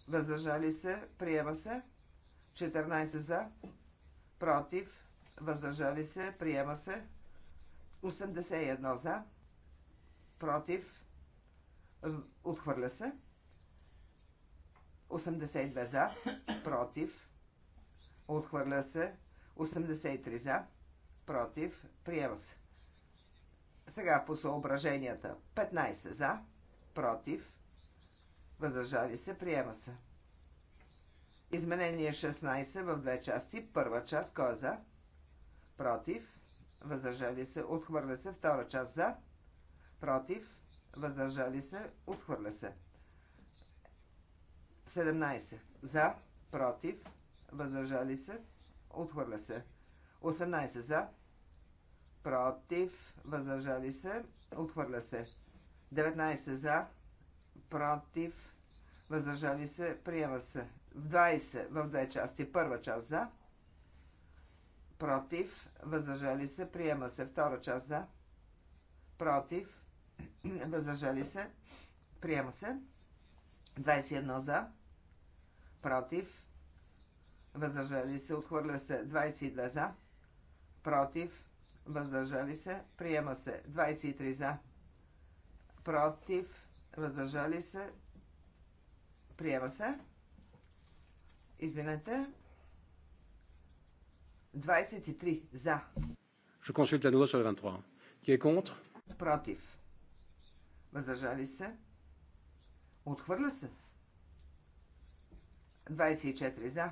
въздържали се, приема се. 14 за, против, въздържали се, приема се. 81 за, против, отхвърля се. 82 за, против, отхвърля се. 83 за, против, приема се. Сега по съображенията 15 за, против, въздържали се, приема се. Изменение 16 в две части. Първа част, кой е за? Против, въздържали се, отхвърля се. Втора част за, против, въздържали се, отхвърля се. 17 за, против, въздържали се, Отхвърля се. 18 за. Против. Въздържали се. Отхвърля се. 19 за. Против. Въздържали се. Приема се. 20 в две части. Първа част за. Против. Въздържали се. Приема се. Втора част за. Против. Въздържали се. Приема се. 21 за. Против въздържали се, отхвърля се 22 за, против, въздържали се, приема се 23 за, против, въздържали се, приема се, извинете, 23 за. Je consulte à nouveau sur le 23. Qui est contre? Против. Въздържали се. Отхвърля се. 24 за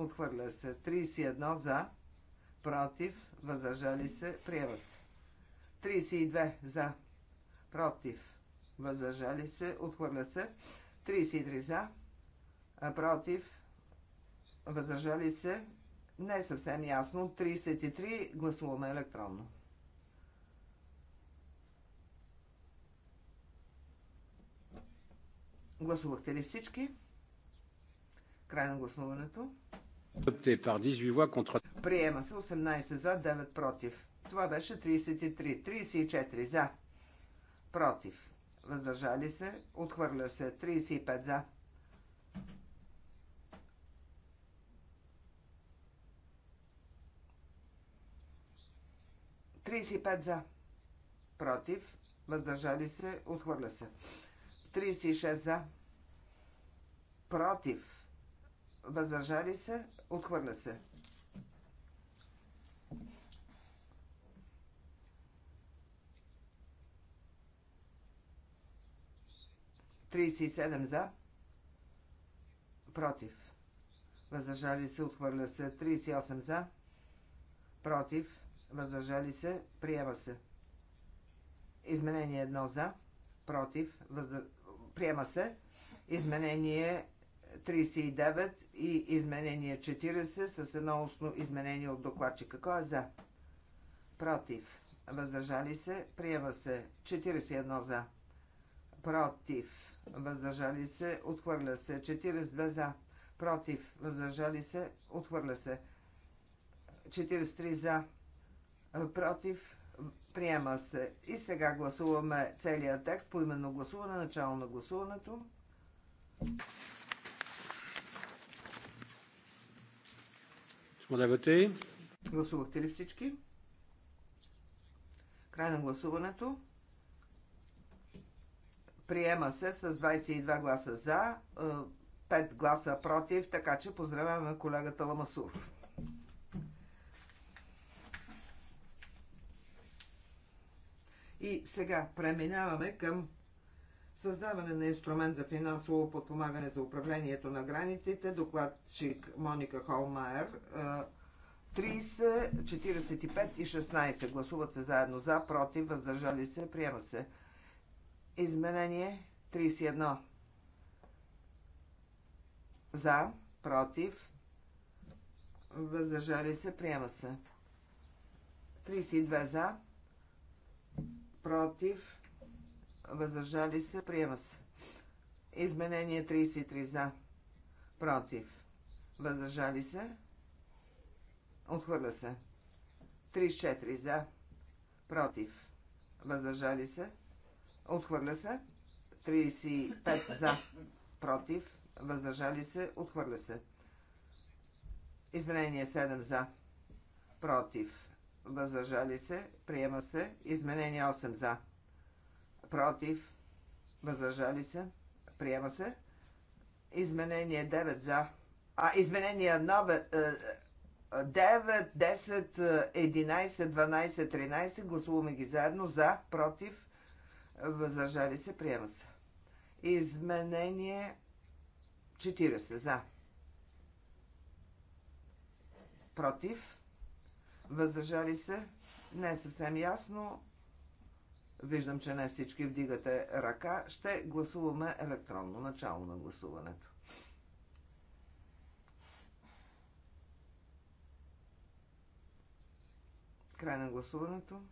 Отхвърля се. 31 за. Против. Въздържали се. Приема се. 32 за. Против. Въздържали се. Отхвърля се. 33 за. Против. Въздържали се. Не е съвсем ясно. 33 гласуваме електронно. Гласувахте ли всички? Край на гласуването. Приема се 18 за, 9 против. Това беше 33. 34 за, против. Въздържали се, отхвърля се 35 за. Тридесет пет за. Против. Въздържали се. Отхвърля се. 36 за. Против въздържали се, отхвърля се. Тридесет и седем за, против, въздържали се, отхвърля се. 38 за, против, въздържали се, приема се. Изменение едно за, против, въздър... приема се. Изменение 39 и изменение 40 с едно устно изменение от докладчика. Кой е за? Против. Въздържали се. Приема се. 41 за. Против. Въздържали се. Отхвърля се. 42 за. Против. Въздържали се. Отхвърля се. 43 за. Против. Приема се. И сега гласуваме целият текст по именно гласуване, начало на гласуването. Гласувахте ли всички? Край на гласуването. Приема се с 22 гласа за, 5 е, гласа против, така че поздравяваме колегата Ламасур. И сега преминаваме към Създаване на инструмент за финансово подпомагане за управлението на границите. Докладчик Моника Холмайер. 30, е, 45 и 16 гласуват се заедно за, против, въздържали се, приема се. Изменение 31. За, против, въздържали се, приема се. 32 за, против, въздържали се, приема се. Изменение 33 за, против, въздържали се, отхвърля се. 34 за, против, въздържали се, отхвърля се. 35 за, против, въздържали се, отхвърля се. Изменение 7 за, против, въздържали се, приема се. Изменение 8 за, против, въздържали се, приема се. Изменение 9 за. А, изменение 1, 9, 10, 11, 12, 13. Гласуваме ги заедно за, против, въздържали се, приема се. Изменение 40 за. Против, въздържали се, не е съвсем ясно. Виждам, че не всички вдигате ръка. Ще гласуваме електронно начало на гласуването. Край на гласуването.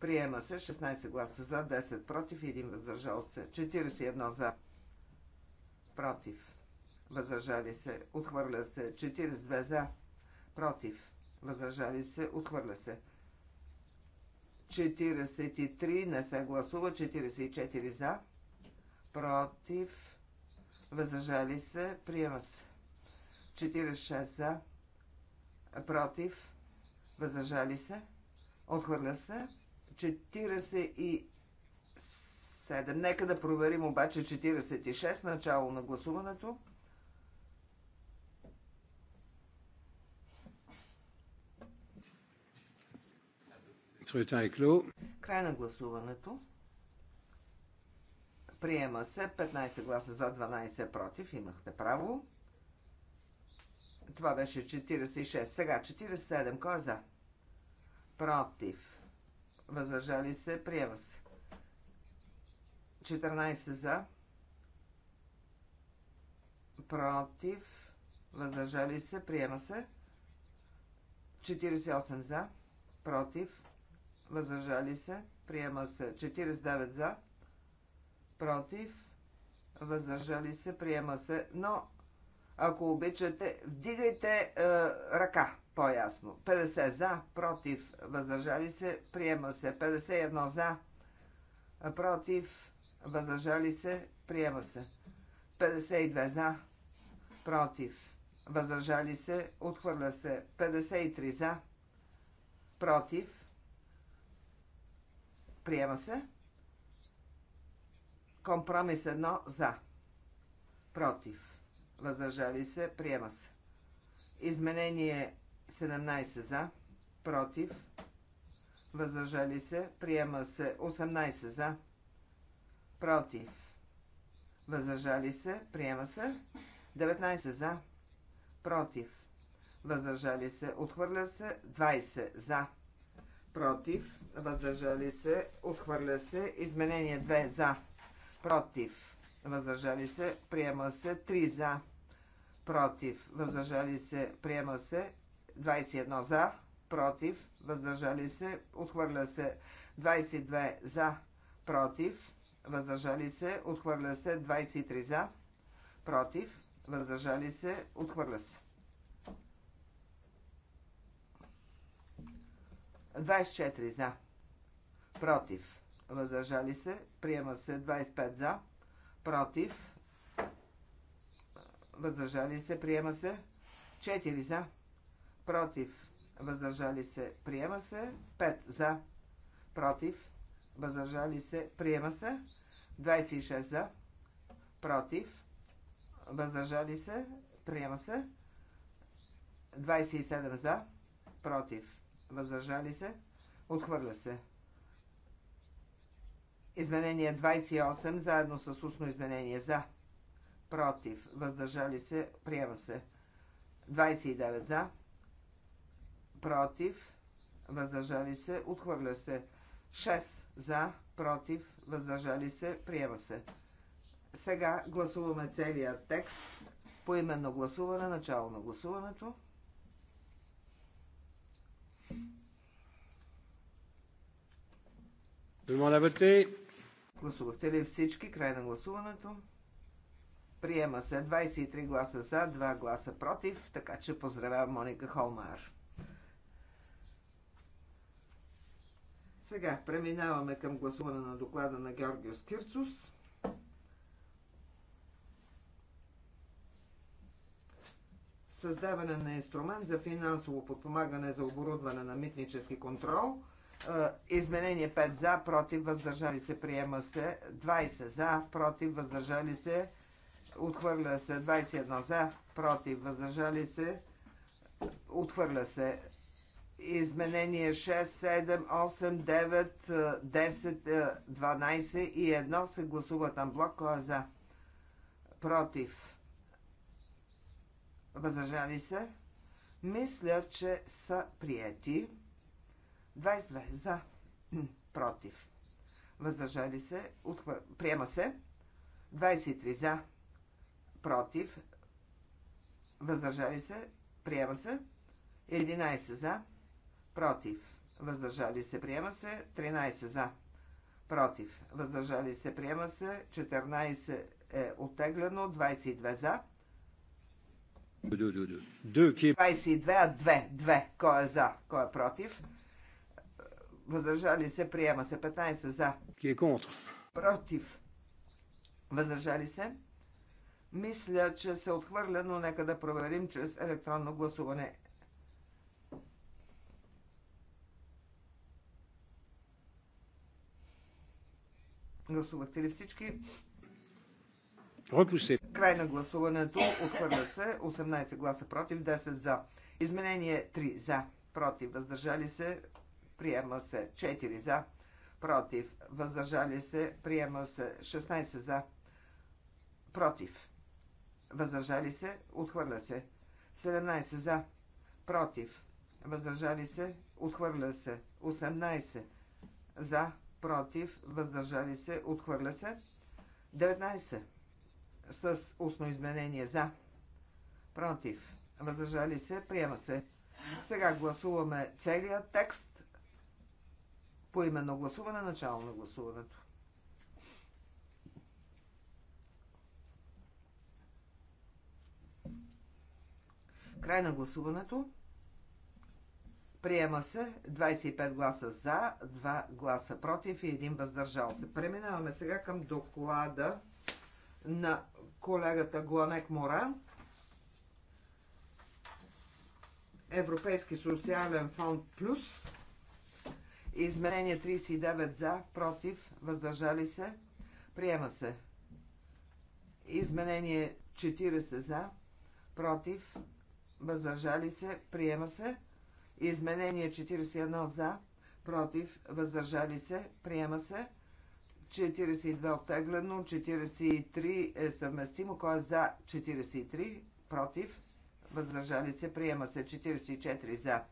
Приема се 16 гласа за, 10 против и 1 въздържал се. 41 за, против, въздържали се, отхвърля се. 42 за, против, въздържали се, отхвърля се. 43 не се гласува, 44 за, против, въздържали се, приема се. 46 за, против, въздържали се, отхвърля се. 47, нека да проверим обаче 46, начало на гласуването. Край на гласуването. Приема се 15 гласа за 12 против. Имахте право. Това беше 46. Сега 47. Кой е за? Против. Въздържали се. Приема се. 14 за. Против. Въздържали се. Приема се. 48 за. Против въздържали се, приема се 49 за, против, въздържали се, приема се, но ако обичате, вдигайте е, ръка по-ясно. 50 за, против, въздържали се, приема се. 51 за, против, въздържали се, приема се. 52 за, против, въздържали се, отхвърля се. 53 за, против, Приема се. Компромис 1 за. Против. Въздържали се. Приема се. Изменение 17 за. Против. Въздържали се. Приема се 18 за. Против. Въздържали се. Приема се. 19 за. Против. Въздържали се. Отхвърля се. 20 за против, въздържали се, отхвърля се. Изменение 2 за, против, въздържали се, приема се. 3 за, против, въздържали се, приема се. 21 за, против, въздържали се, отхвърля се. 22 за, против, въздържали се, отхвърля се. 23 за, против, въздържали се, отхвърля се. 24 за. Против. Въздържали се. Приема се 25 за. Против. Въздържали се. Приема се 4 за. Против. Въздържали се. Приема се 5 за. Против. Въздържали се. Приема се 26 за. Против. Въздържали се. Приема се 27 за. Против въздържали се, отхвърля се. Изменение 28, заедно с устно изменение за, против, въздържали се, приема се. 29 за, против, въздържали се, отхвърля се. 6 за, против, въздържали се, приема се. Сега гласуваме целият текст по именно гласуване, начало на гласуването. Гласувахте ли всички? Край на гласуването. Приема се 23 гласа за, 2 гласа против, така че поздравявам Моника Холмар. Сега преминаваме към гласуване на доклада на Георгиос Кирцус. Създаване на инструмент за финансово подпомагане за оборудване на митнически контрол – Изменение 5 за, против, въздържали се, приема се. 20 за, против, въздържали се, отхвърля се. 21 за, против, въздържали се, отхвърля се. Изменение 6, 7, 8, 9, 10, 12 и 1 се гласуват на блок. Кой е за? Против. Въздържали се? Мисля, че са приети. 22 за, (clears throat) против, въздържали се, отхвър... приема се. 23 за, против, въздържали се, приема се. 11 за, против, въздържали се, приема се. 13 за, против, въздържали се, приема се. 14 е оттеглено, 22 за. 22, а 2, 2. Кой е за, кой е против? въздържали се, приема се. 15 за. Ки е контр? Против. Въздържали се. Мисля, че се отхвърля, но нека да проверим чрез електронно гласуване. Гласувахте ли всички? Репусе. Край на гласуването. Отхвърля се. 18 гласа против, 10 за. Изменение 3 за. Против. Въздържали се приема се 4 за, против, въздържали се, приема се 16 за, против, въздържали се, отхвърля се 17 за, против, въздържали се, отхвърля се 18 за, против, въздържали се, отхвърля се 19 с устно изменение за, против, въздържали се, приема се. Сега гласуваме целият текст по именно гласуване, начало на гласуването. Край на гласуването. Приема се 25 гласа за, 2 гласа против и 1 въздържал се. Преминаваме сега към доклада на колегата Глонек Моран. Европейски социален фонд Плюс. Изменение 39 за, против, въздържали се, приема се. Изменение 40 за, против, въздържали се, приема се. Изменение 41 за, против, въздържали се, приема се. 42 оттеглено, 43 е съвместимо, кой е за 43, против, въздържали се, приема се 44 за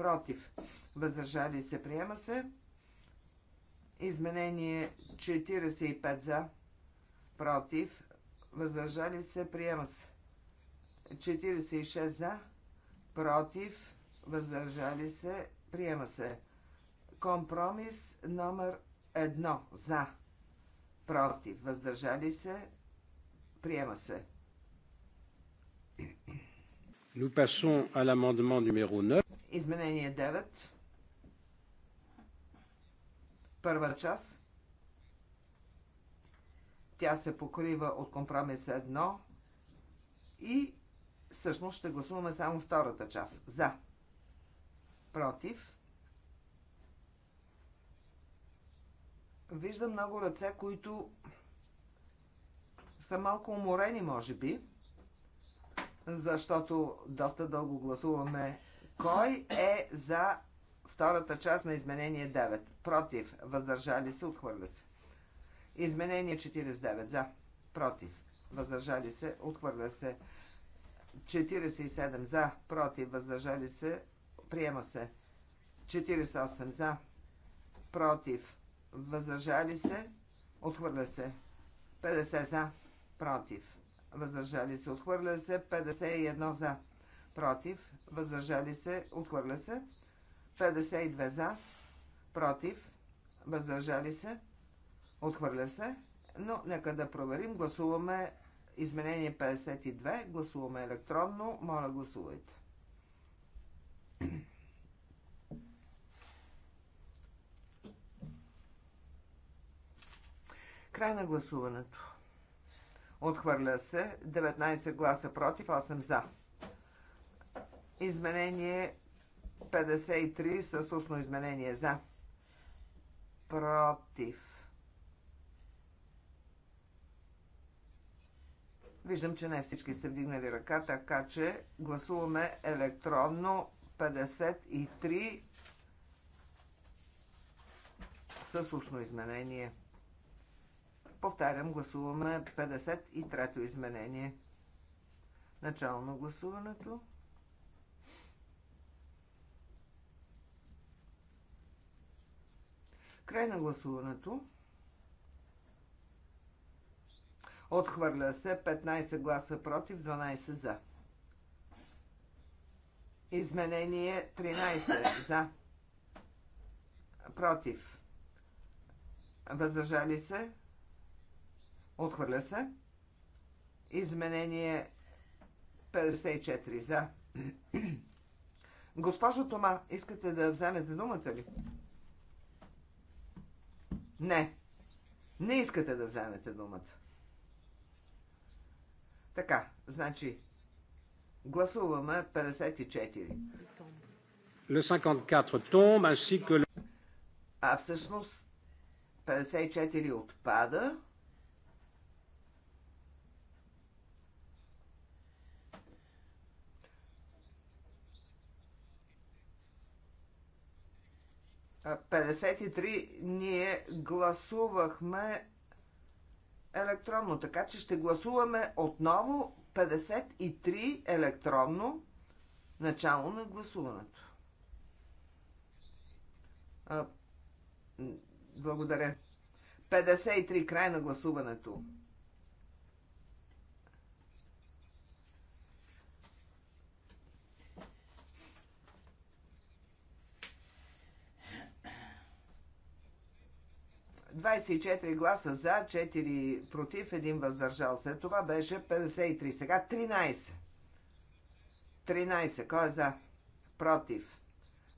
против, въздържали се, приема се. Изменение 45 за, против, въздържали се, приема се. 46 за, против, въздържали се, приема се. Компромис номер 1 за, против, въздържали се, приема се. Nous passons à l'amendement numéro 9. Изменение 9. Първа част. Тя се покрива от компромис 1 и всъщност ще гласуваме само втората част. За. Против. Виждам много ръце, които са малко уморени, може би, защото доста дълго гласуваме кой е за втората част на изменение 9? Против. Въздържали се. Отхвърля се. Изменение 49. За. Против. Въздържали се. Отхвърля се. 47 за. Против. Въздържали се. Приема се. 48 за. Против. Въздържали се. Отхвърля се. 50 за. Против. Въздържали се. Отхвърля се. 51 за против, въздържали се, отхвърля се. 52 за, против, въздържали се, отхвърля се. Но нека да проверим. Гласуваме изменение 52. Гласуваме електронно. Моля, гласувайте. Край на гласуването. Отхвърля се 19 гласа против, 8 за. Изменение 53 с устно изменение за. Против. Виждам, че не всички сте вдигнали ръка, така че гласуваме електронно 53 с устно изменение. Повтарям, гласуваме 53-то изменение. Начало на гласуването. Край на гласуването. Отхвърля се 15 гласа против, 12 за. Изменение 13 за. Против. Въздържали се. Отхвърля се. Изменение 54 за. Госпожо Тома, искате да вземете думата ли? Не. Не искате да вземете думата. Така, значи, гласуваме 54. Le 54 tombe, ainsi que... А всъщност 54 отпада. 53 ние гласувахме електронно, така че ще гласуваме отново 53 електронно начало на гласуването. А, благодаря. 53 край на гласуването. 24 гласа за, 4 против, 1 въздържал се. Това беше 53. Сега 13. 13. Кой е за? Против.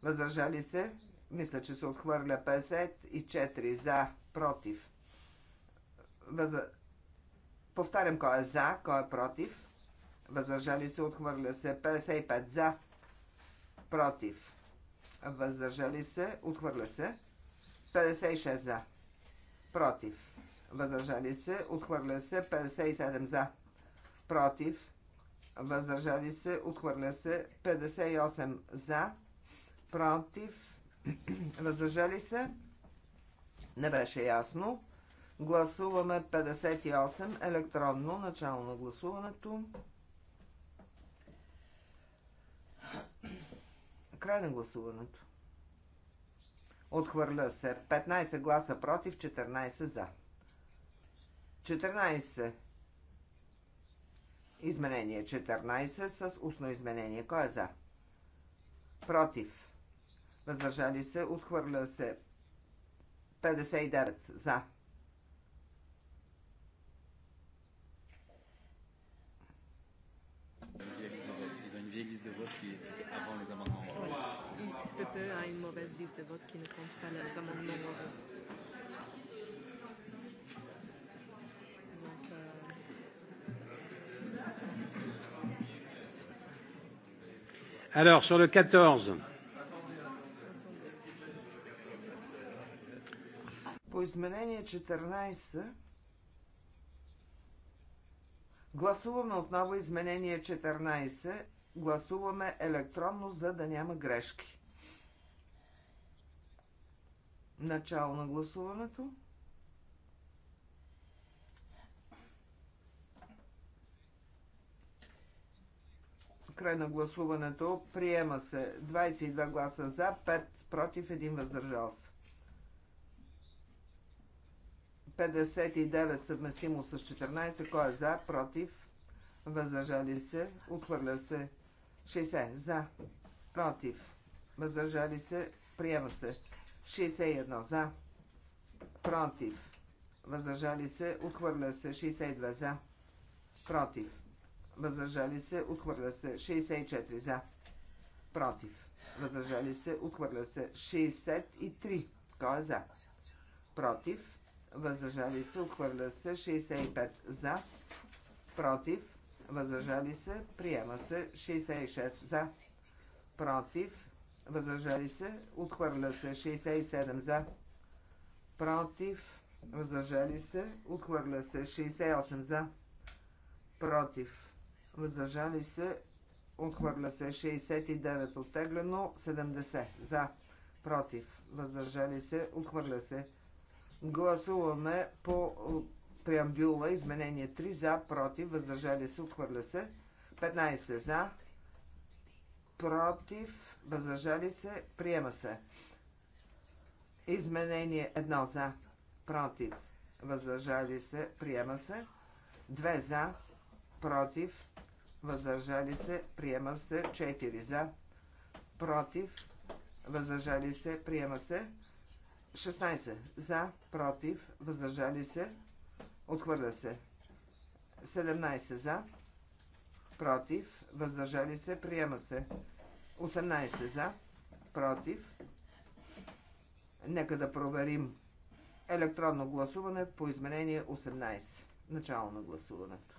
Въздържали се? Мисля, че се отхвърля 54 за, против. Въз... Повтарям, кой е за, кой е против. Въздържали се, отхвърля се 55 за, против. Въздържали се, отхвърля се 56 за против, въздържали се, отхвърля се, 57 за, против, въздържали се, отхвърля се, 58 за, против, (clears throat) въздържали се, не беше ясно. Гласуваме 58 електронно, начало на гласуването. Край на гласуването. Отхвърля се. 15 гласа против, 14 за. 14. Изменение 14 с устно изменение. Кой е за? Против. Въздържали се. Отхвърля се. 59 за. rapporteur a une mauvaise liste de vote qui ne compte pas les amendements oraux. Donc, euh... Alors, sur le 14. По изменение 14 гласуваме отново изменение 14 гласуваме електронно, за да няма грешки. Начало на гласуването. Край на гласуването. Приема се 22 гласа за, 5 против, 1 въздържал се. 59 съвместимо с 14. Кой е за? Против? Въздържали се? Отхвърля се. 60 за. Против? Въздържали се? Приема се. 61 за, против, въздържали се, отхвърля се. 62 за, против, въздържали се, отхвърля се. 64 за, против, въздържали се, отхвърля се. 63, кой е за? Против, въздържали се, отхвърля се. 65 за, против, въздържали се, приема се. 66 за, против, въздържали се, отхвърля се 67 за, против, въздържали се, отхвърля се 68 за, против, въздържали се, отхвърля се 69 оттеглено, 70 за, против, въздържали се, отхвърля се. Гласуваме по преамбюла изменение 3 за, против, въздържали се, отхвърля се, 15 за, против, въздържали се, приема се. Изменение едно за, против, въздържали се, приема се. 2 за, против, въздържали се, приема се. 4 за, против, въздържали се, приема се. 16 за, против, въздържали се, отхвърля се. 17 за, против, въздържали се, приема се. 18 за, против. Нека да проверим електронно гласуване по изменение 18. Начало на гласуването.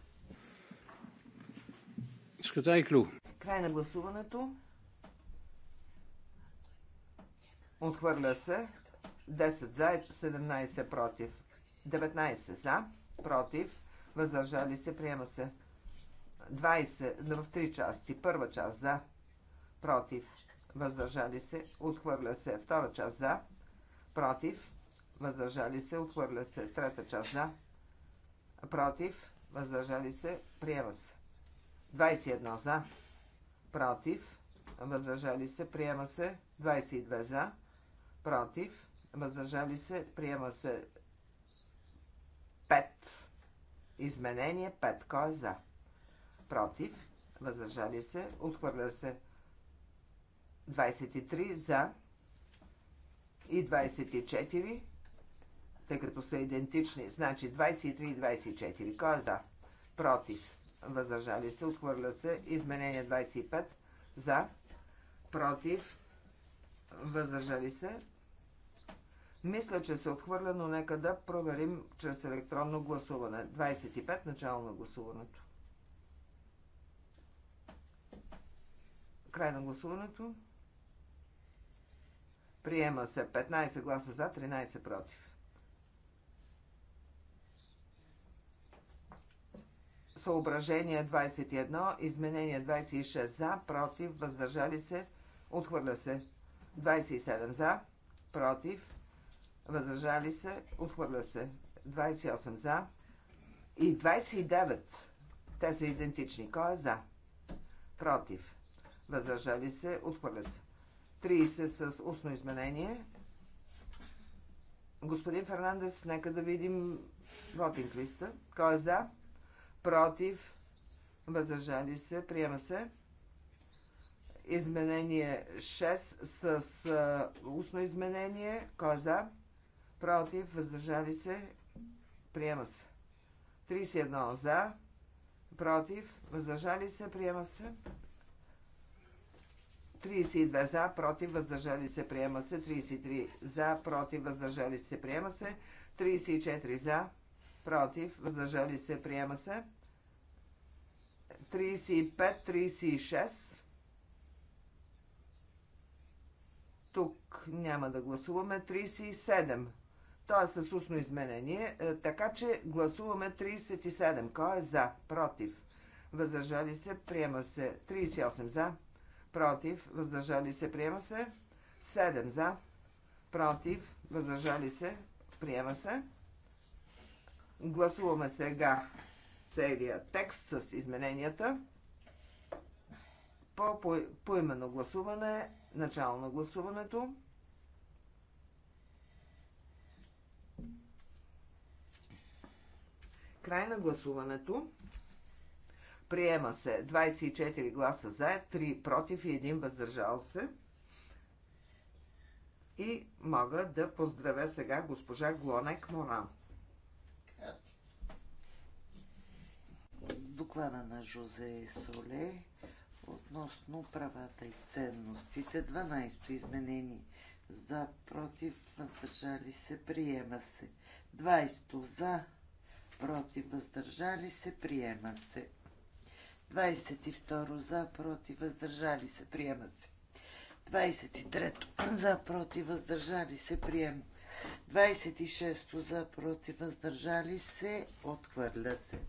Скатайклю. Е Край на гласуването. Отхвърля се. 10 за 17 против. 19 за, против, въздържали се, приема се. 20 в 3 части. Първа част за, против, въздържали се, отхвърля се. Втора част за, против, въздържали се, отхвърля се. Трета част за, против, въздържали се, приема се. 21 за, против, въздържали се, приема се. 22 за, против, въздържали се, приема се. 5. Изменение 5. Кой е за? Против, въздържали се, отхвърля се. 23 за и 24, тъй като са идентични, значи 23 и 24. Кой е за? Против. Въздържали се, отхвърля се. Изменение 25 за, против, въздържали се. Мисля, че се отхвърля, но нека да проверим чрез електронно гласуване. 25, начало на гласуването. Край на гласуването. Приема се 15 гласа за, 13 против. Съображение 21, изменение 26 за, против, въздържали се, отхвърля се. 27 за, против, въздържали се, отхвърля се. 28 за и 29. Те са идентични. Кой е за? Против. Въздържали се, отхвърлят се. 30 с устно изменение. Господин Фернандес, нека да видим вотинг листа. Кой е за? Против? Въздържали се? Приема се. Изменение 6 с а, устно изменение. Кой е за? Против? Въздържали се? Приема се. 31 за. Против? Въздържали се? Приема се. 32 за, против, въздържали се, приема се. 33 за, против, въздържали се, приема се. 34 за, против, въздържали се, приема се. 35, 36. Тук няма да гласуваме. 37. То е с устно изменение. Е, така че гласуваме 37. Кой е за? Против. Въздържали се, приема се. 38 за против, въздържали се, приема се. 7 за, против, въздържали се, приема се. Гласуваме сега целият текст с измененията. По поименно гласуване, начало на гласуването. Край на гласуването. Приема се 24 гласа за, 3 против и 1 въздържал се. И мога да поздравя сега госпожа Глонек Моран. Доклада на Жозе Соле относно правата и ценностите. 12-то изменение за, против, въздържали се, приема се. 20-то за, против, въздържали се, приема се. 22 за, против, въздържали се, приема се. 23 за, против, въздържали се, приема. 26 за, против, въздържали се, отхвърля се.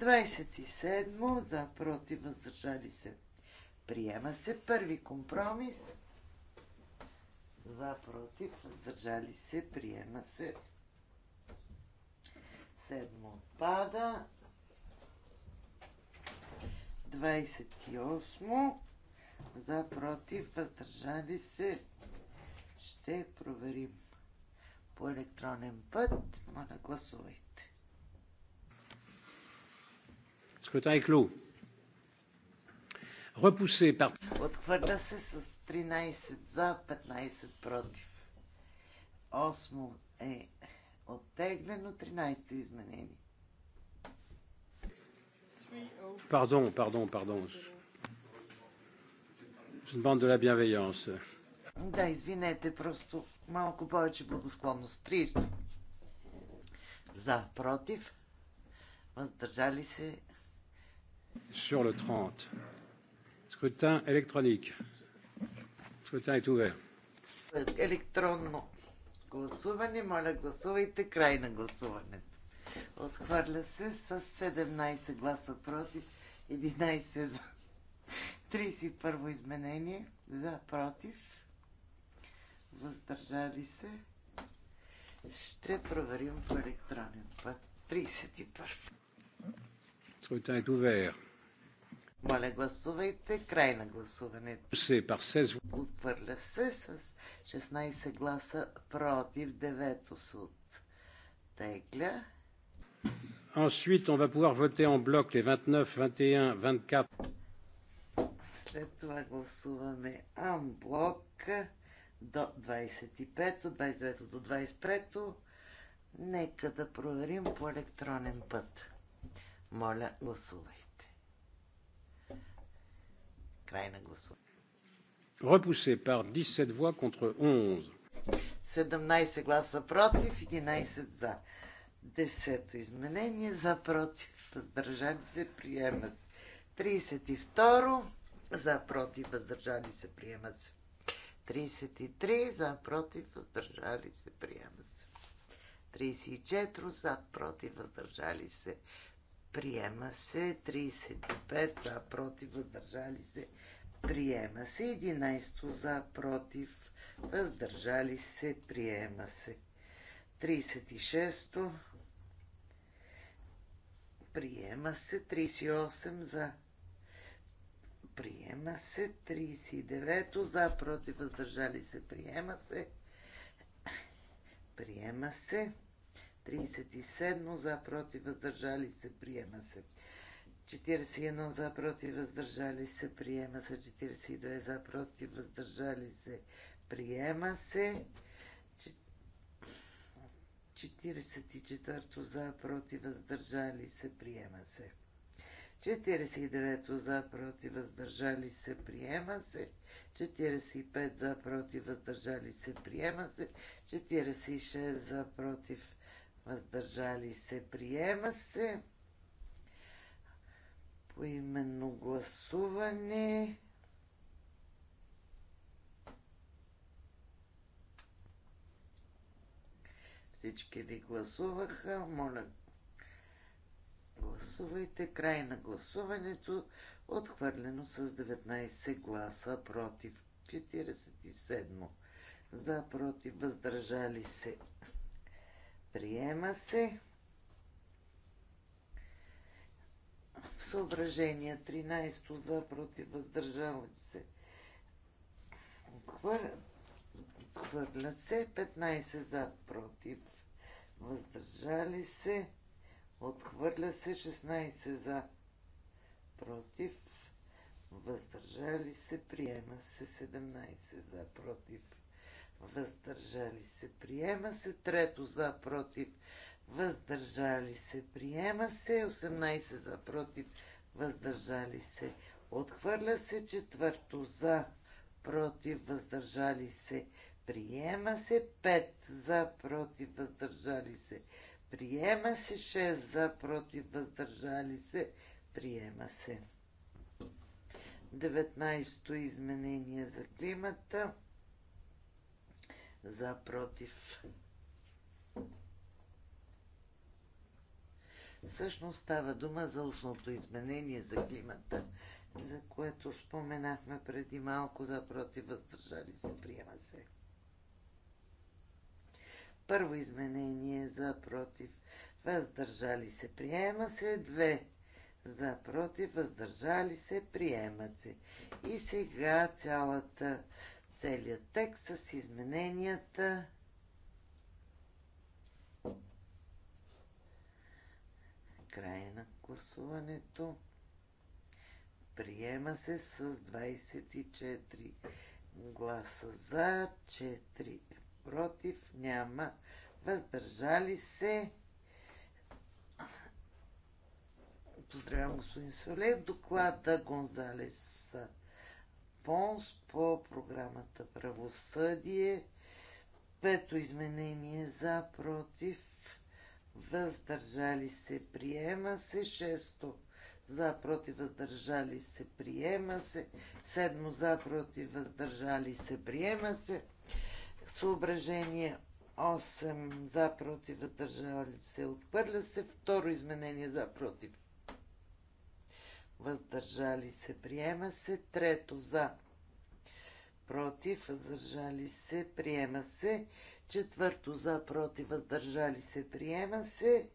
27 за, против, въздържали се, приема се. Първи компромис за, против, въздържали се, приема се. Седмо отпада. 28 за против, въздържали се. Ще проверим по електронен път. Моля, гласувайте. Скрутай клю. Repoussé par... Отхвърля се с 13 за, 15 против. Осмо е оттеглено, 13 изменение. Pardon, pardon, pardon. Je demande de la bienveillance. Да, извинете, просто малко повече благосклонност. 30. За, против. Въздържали се. Sur le 30. Scrutin électronique. Scrutin est ouvert. Електронно гласуване. Моля, гласувайте край на гласуването. Отхвърля се с 17 гласа против, 11 за. 31 изменение за против. Въздържали се. Ще проверим по електронен път. 31. Скрутин е ouvert. Моля, гласувайте. Край на гласуването. Отвърля се с 16 гласа против 9 от Тегля. Ensuite, on va pouvoir voter en bloc les 29, 21, 24. След това гласуваме bloc до 25, от 29 до 25. Нека да проверим по електронен път. Моля, гласувайте. Край на гласуване. Repoussé par 17 voix contre 11. 17 гласа против, 11 за. Десето изменение за против, въздържали се, приема се. 32 за против, въздържали се, приема се. 33 за против, въздържали се, приема се. 34 за против, въздържали се, приема се. 35 за против, въздържали се, приема се. 11 за против, въздържали се, приема се. 36-то. Приема се 38 за. Приема се 39-то за. Против въздържали се. Приема се. Приема се. 37 за. Против въздържали се. Приема се. 41 за. Против въздържали се. Приема се. 42 за. Против въздържали се. Приема се. 44 за, против, въздържали се, приема се. 49 за, против, въздържали се, приема се. 45 за, против, въздържали се, приема се. 46 за, против, въздържали се, приема се. Поименно гласуване Всички ли гласуваха? Моля, гласувайте. Край на гласуването. Отхвърлено с 19 гласа против 47. За против въздържали се. Приема се. Съображение 13 за против въздържали се. Отхвърля се 15 за против въздържали се, отхвърля се 16 за, против, въздържали се, приема се 17 за, против, въздържали се, приема се, трето за, против, въздържали се, приема се, 18 за, против, въздържали се, отхвърля се, четвърто за, против, въздържали се, Приема се 5 за против въздържали се. Приема се 6 за против въздържали се. Приема се. 19-то изменение за климата. За против. Всъщност става дума за устното изменение за климата, за което споменахме преди малко за против въздържали се. Приема се. Първо изменение за против. Въздържали се. Приема се. Две за против. Въздържали се. Приемат се. И сега цялата целият текст с измененията. Край на гласуването. Приема се с 24 гласа за 4 против, няма, въздържали се. Поздравявам господин Соле. Доклада Гонзалес Понс по програмата Правосъдие. Пето изменение за, против, въздържали се, приема се. Шесто за, против, въздържали се, приема се. Седмо за, против, въздържали се, приема се. Съображение 8 за против, въздържали се, отхвърля се. Второ изменение за против, въздържали се, приема се. Трето за против, въздържали се, приема се. Четвърто за против, въздържали се, приема се.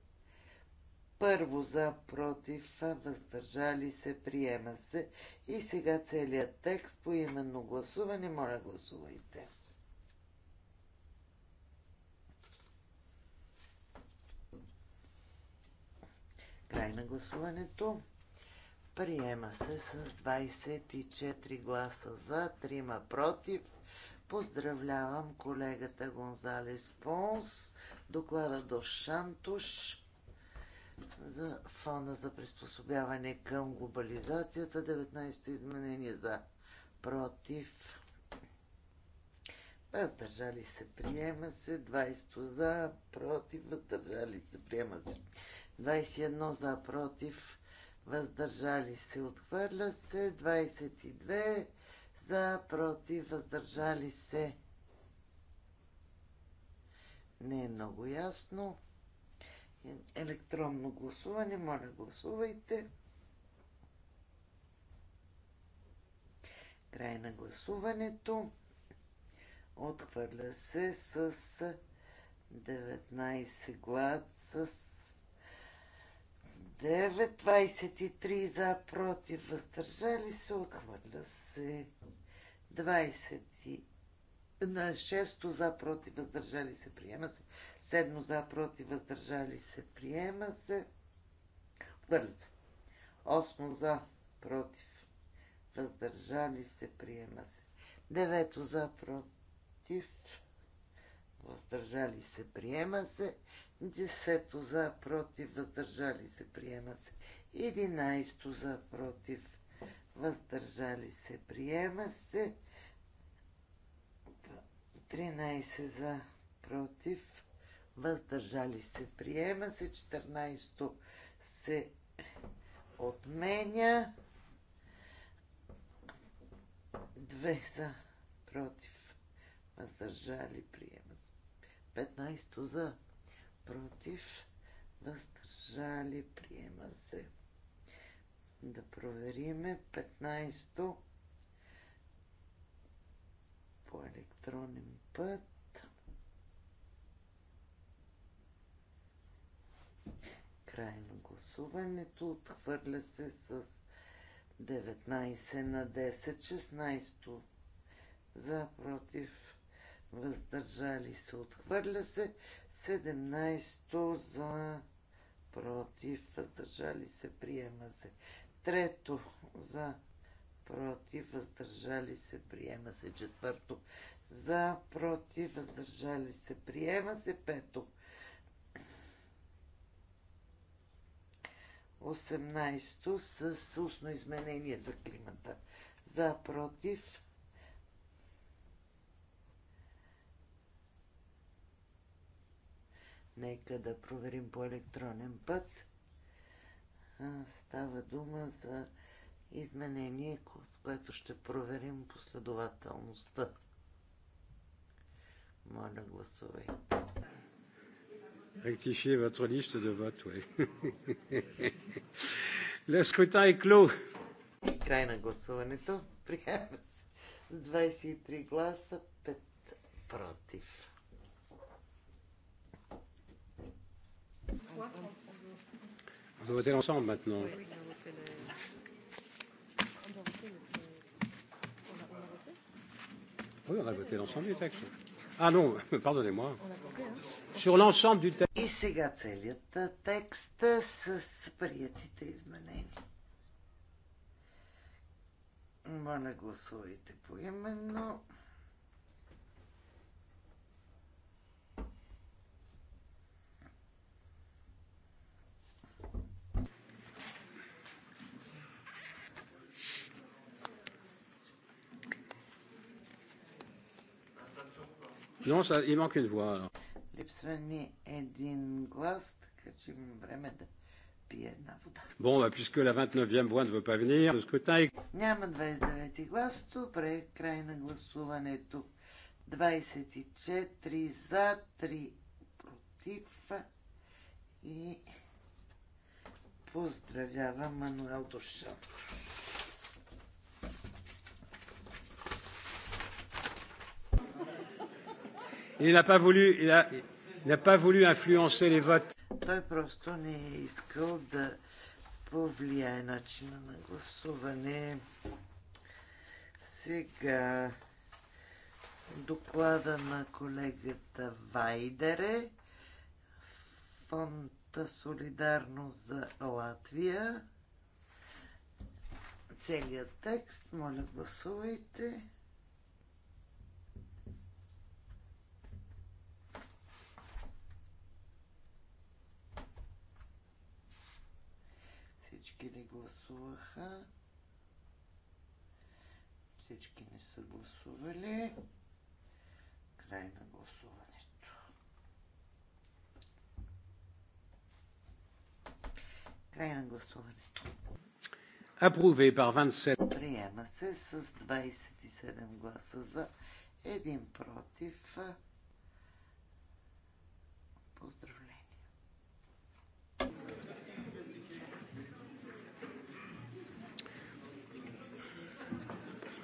Първо за против, въздържали се, приема се. И сега целият текст по именно гласуване. Моля, гласувайте. Край на гласуването. Приема се с 24 гласа за, 3 против. Поздравлявам колегата Гонзалес Понс, доклада до Шантуш за фона за приспособяване към глобализацията, 19 изменение за против. Въздържали се, приема се, 20 за, против, въздържали се, приема се. 21 за против, въздържали се, отхвърля се, 22 за против, въздържали се. Не е много ясно. Е, електронно гласуване, моля гласувайте. Край на гласуването. Отхвърля се с 19 глад с 9, 23 за, против, въздържали се, отхвърля се. 20 на 6 за, против, въздържали се, приема се. 7 за, против, въздържали се, приема се. Отхвърля се. 8 за, против, въздържали се, приема се. 9 за, против, въздържали се, приема се. Десето за, против, въздържали се, приема се. Единайсто за, против, въздържали се, приема се. 13 за, против, въздържали се, приема се. 14 се отменя. 2 за, против, въздържали, приема се. 15 за, против, въздържали, приема се. Да провериме 15-то по електронен път. Край на гласуването отхвърля се с 19 на 10, 16 за против въздържали се, отхвърля се. 17 за против, въздържали се, приема се. Трето за против, въздържали се, приема се. Четвърто за против, въздържали се, приема се. Пето 18 с устно изменение за климата. За против, Нека да проверим по електронен път. Става дума за изменение, в което ще проверим последователността. Моля, гласувайте. Rectifiez votre liste de vote, oui. (laughs) Le scrutin est clos. Край на гласуването. Приема се 23 гласа, 5 против. On doit voter l'ensemble maintenant. Oui, on a voté l'ensemble du texte. Ah non, pardonnez-moi. Sur l'ensemble du texte. Et c'est gâté, le texte, целият текст с приятите изменения. Моля, гласувайте поименно. именно. Non, ça, il manque une voix. Alors. Липсва ни един глас, така че време да една вода. Bon, bah, puisque la 29e voix ne veut pas venir, le scrutin est... Няма 29-ти глас, добре, край на гласуването. 24 за, 3 против и поздравявам Мануел Душантош. Il n'a pas voulu, il a, il n'a pas voulu influencer les votes. Той просто не е искал да повлияе начина на гласуване. Сега доклада на колегата Вайдере, фонда Солидарност за Латвия. Целият текст, моля гласувайте. гласуваха. Всички не са гласували. Край на гласуването. Край на гласуването. Апруве пар 27. Приема се с 27 гласа за, един против. Поздрав.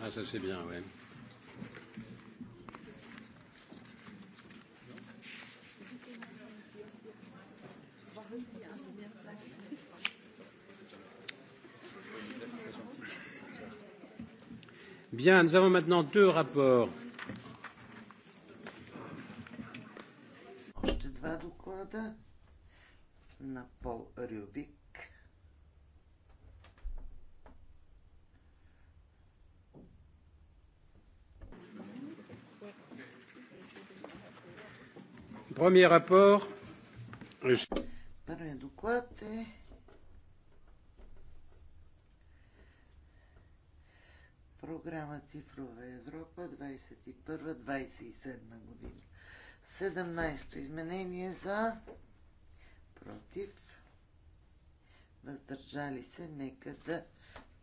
Ah, ça c'est bien, oui. Bien, nous avons maintenant deux rapports. Още два доклада на Пол Рюбик Premier rapport. Първият доклад е програма Цифрова Европа 21-27 година. 17-то изменение за против. Въздържали се, нека да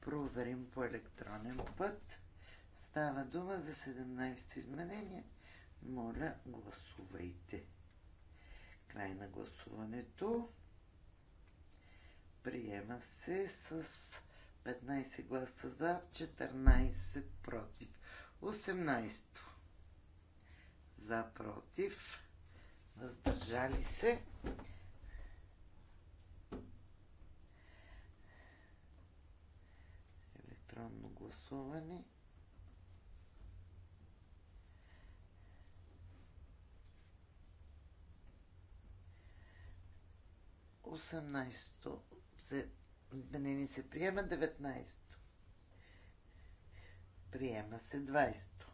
проверим по електронен път. Става дума за 17-то изменение. Моля, гласувайте. Край на гласуването. Приема се с 15 гласа за, 14 против. 18 за, против. Въздържали се. Електронно гласуване. 18-то Изменени се приема, 19-то. Приема се 20-то.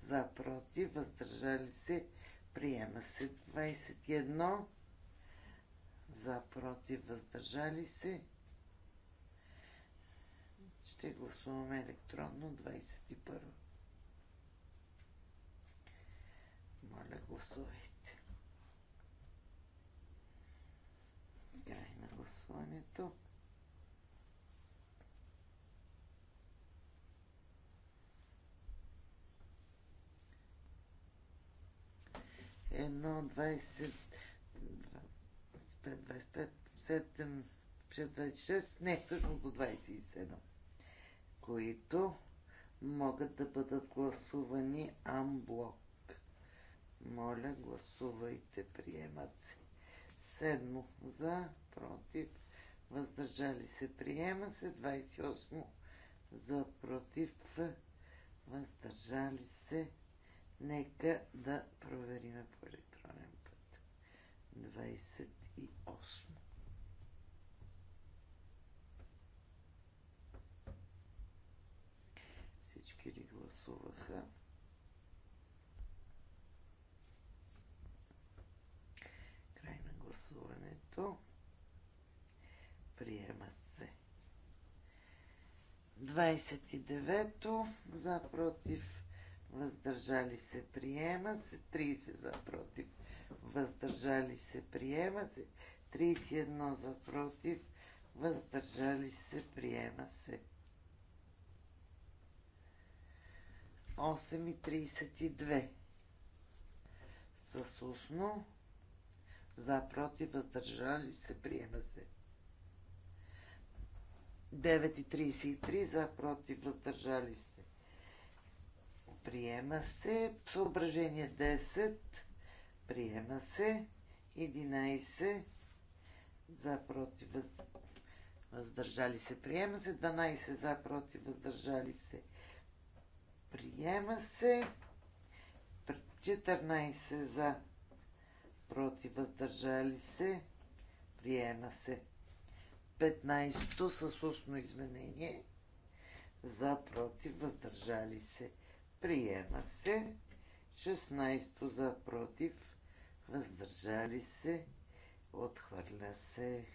За, против, въздържали се, приема се 21 за, против, въздържали се. Ще гласуваме електронно 21. Моля, гласувайте. гласуването. Едно, 20, двадесет, 25, 7, 26, не, всъщност до 27, които могат да бъдат гласувани амблок. Моля, гласувайте, приемат се. Седмо за, против, въздържали се, приема се. 28 за, против, въздържали се. Нека да проверим по електронен път. 28. Всички ли гласуваха? 29 за против въздържали се приема се 30 за против въздържали се приема се 31 за против въздържали се приема се 8.32 с устно за против въздържали се приема се 9.33 за против въздържали се. Приема се. Съображение 10. Приема се. 11 за против въздържали се. Приема се. 12 за против въздържали се. Приема се. 14 за против въздържали се. Приема се. 15 с устно изменение. За, против, въздържали се. Приема се. 16 за, против, въздържали се. Отхвърля се.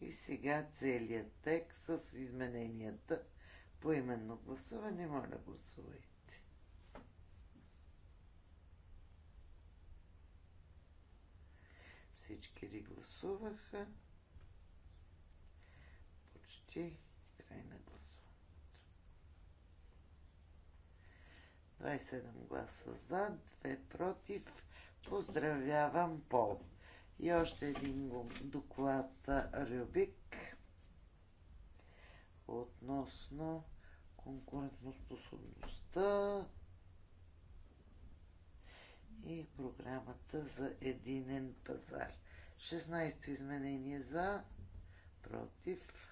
И сега целият текст с измененията по именно гласуване. Моля, гласувайте. Всички ли гласуваха? че Край на гласуването. 27 гласа за, 2 против. Поздравявам Пол. И още един доклад Рюбик относно конкурентоспособността и програмата за единен пазар. 16 изменение за, против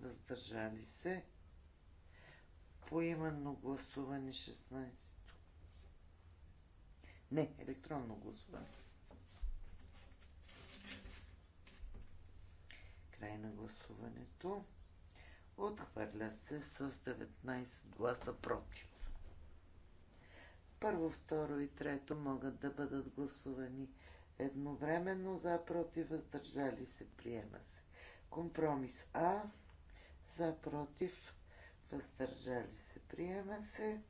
въздържали се. Поименно гласуване 16. Не, електронно гласуване. Край на гласуването. Отхвърля се с 19 гласа против. Първо, второ и трето могат да бъдат гласувани едновременно за, против, въздържали се, приема се. Компромис А за против, въздържали се, приема се.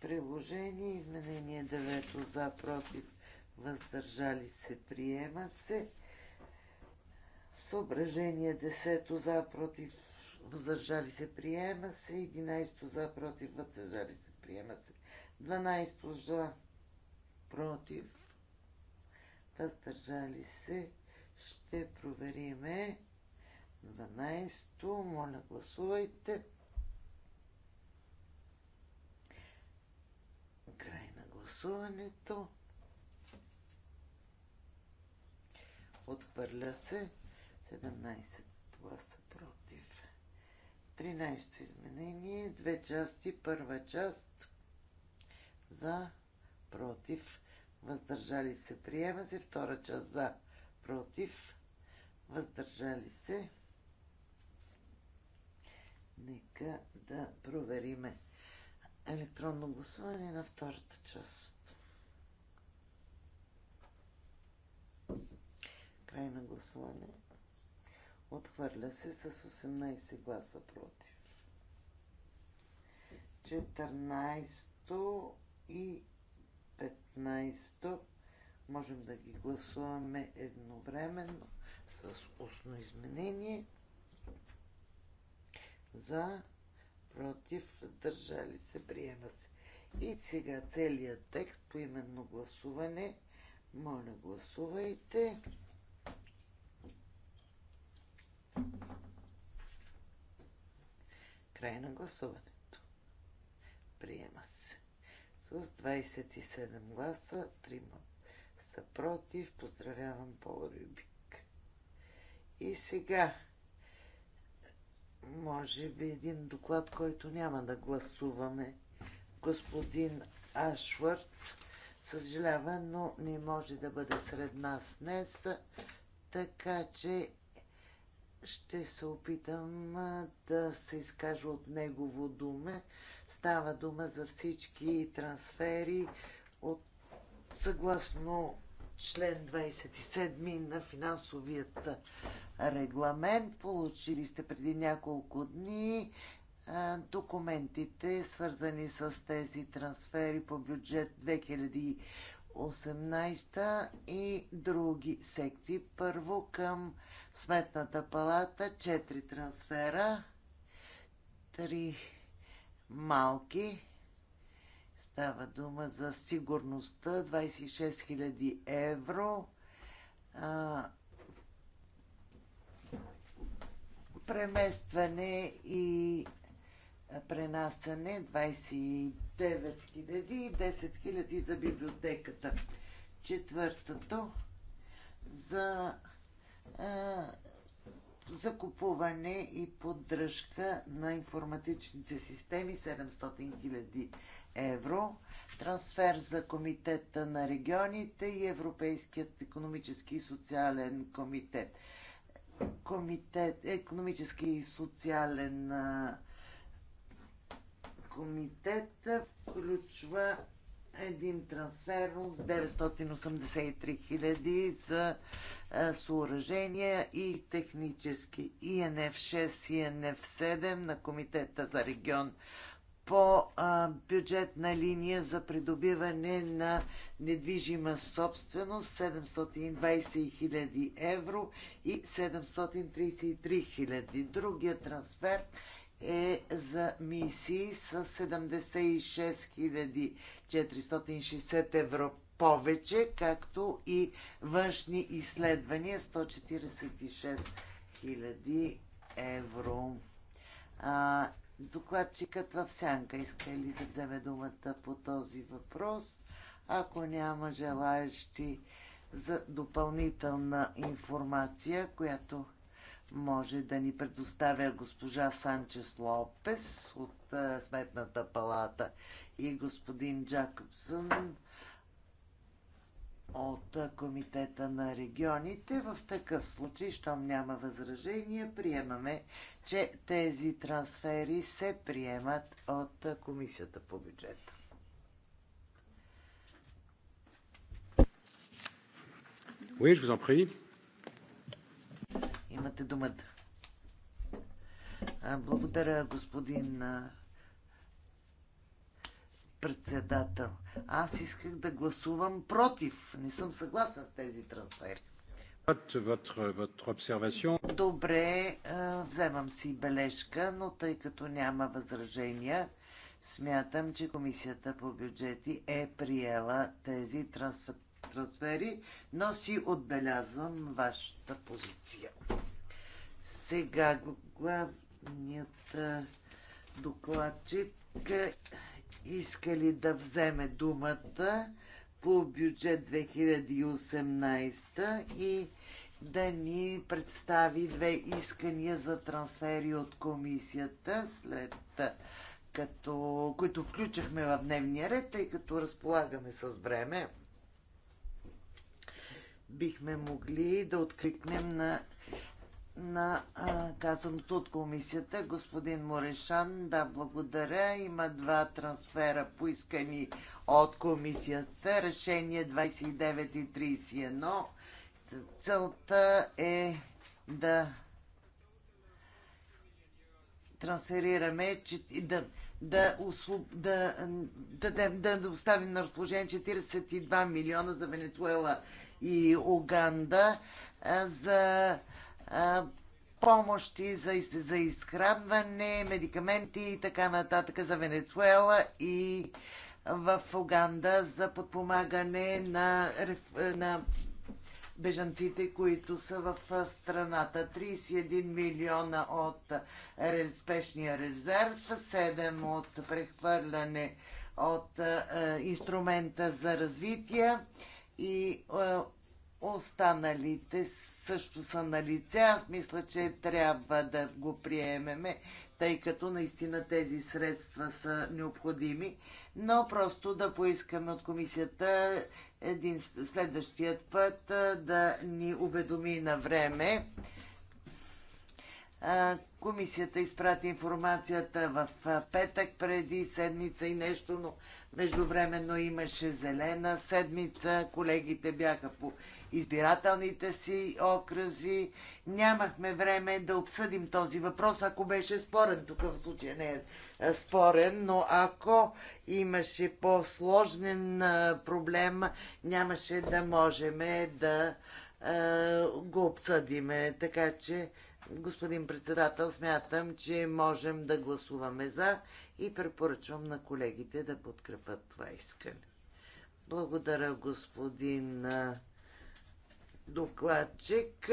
Приложение, изменение 9 за против, въздържали се, приема се. Съображение 10 за против, въздържали се, приема се. 11 за против, въздържали се, приема се. 12 за против, въздържали се, ще провериме 12-то. Моля, гласувайте. Край на гласуването. Отхвърля се 17 гласа против. 13-то изменение. Две части. Първа част за против. Въздържали се. Приема се. Втора част за против, въздържали се. Нека да провериме електронно гласуване на втората част. Край на гласуване. Отхвърля се с 18 гласа против. 14 и 15 Можем да ги гласуваме едновременно с устно изменение. За, против, въздържали се, приема се. И сега целият текст по именно гласуване. Моля, гласувайте. Край на гласуването. Приема се. С 27 гласа, 3 са против. Поздравявам Пол Рюбик. И сега, може би един доклад, който няма да гласуваме. Господин Ашвард, съжалява, но не може да бъде сред нас днес, така че ще се опитам да се изкажа от негово думе. Става дума за всички трансфери от съгласно член 27 на финансовият регламент. Получили сте преди няколко дни документите, свързани с тези трансфери по бюджет 2018 и други секции. Първо към Сметната палата 4 трансфера, 3 малки Става дума за сигурността 26 000 евро. А, преместване и пренасане 29 000 и 10 000 за библиотеката. Четвъртото за а, закупуване и поддръжка на информатичните системи 700 хиляди евро, трансфер за Комитета на регионите и Европейският економически и социален комитет. Комитет, економически и социален комитет включва един трансфер от 983 хиляди за е, съоръжения и технически ИНФ-6 и ИНФ-7 на Комитета за регион по е, бюджетна линия за придобиване на недвижима собственост 720 хиляди евро и 733 хиляди. Другия трансфер е за мисии с 76 460 евро повече, както и външни изследвания 146 000 евро. А, докладчикът в сянка иска ли да вземе думата по този въпрос? Ако няма желаящи за допълнителна информация, която може да ни предоставя госпожа Санчес Лопес от Сметната палата и господин Джакобсън от Комитета на регионите. В такъв случай, щом няма възражения, приемаме, че тези трансфери се приемат от Комисията по бюджета. Oui, je vous en prie. Имате думата. Благодаря, господин председател. Аз исках да гласувам против. Не съм съгласен с тези трансфери. Добре, вземам си бележка, но тъй като няма възражения, смятам, че Комисията по бюджети е приела тези трансфери, но си отбелязвам вашата позиция. Сега главният докладчик иска ли да вземе думата по бюджет 2018 и да ни представи две искания за трансфери от комисията, след като, които включахме в дневния ред, тъй като разполагаме с време. Бихме могли да откликнем на на а, казаното от комисията. Господин Морешан, да, благодаря. Има два трансфера поискани от комисията. Решение 29 и 31. Целта е да трансферираме, че, да, да, услуг, да, да, да, да оставим на разположение 42 милиона за Венецуела и Уганда за помощи за, за изхранване, медикаменти и така нататък за Венецуела и в Уганда за подпомагане на, на бежанците, които са в страната. 31 милиона от спешния резерв, 7 от прехвърляне от инструмента за развитие и Останалите също са на лице. Аз мисля, че трябва да го приемеме, тъй като наистина тези средства са необходими. Но просто да поискаме от комисията един следващият път да ни уведоми на време Комисията изпрати информацията в петък преди седмица и нещо, но междувременно имаше зелена седмица. Колегите бяха по избирателните си окръзи. Нямахме време да обсъдим този въпрос, ако беше спорен. Тук в случая не е спорен, но ако имаше по-сложен проблем, нямаше да можем да го обсъдиме. Така че Господин председател, смятам, че можем да гласуваме за и препоръчвам на колегите да подкрепят това искане. Благодаря, господин докладчик.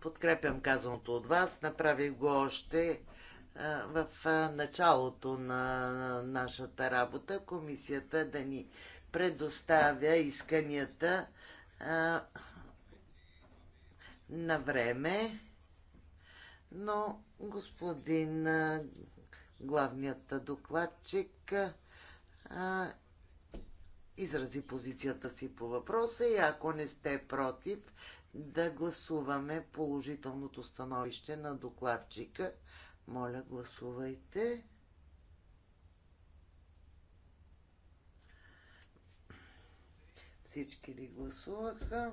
Подкрепям казаното от вас. Направих го още в началото на нашата работа. Комисията да ни предоставя исканията на време, но господин главният докладчик а, изрази позицията си по въпроса и ако не сте против, да гласуваме положителното становище на докладчика. Моля, гласувайте. Всички ли гласуваха?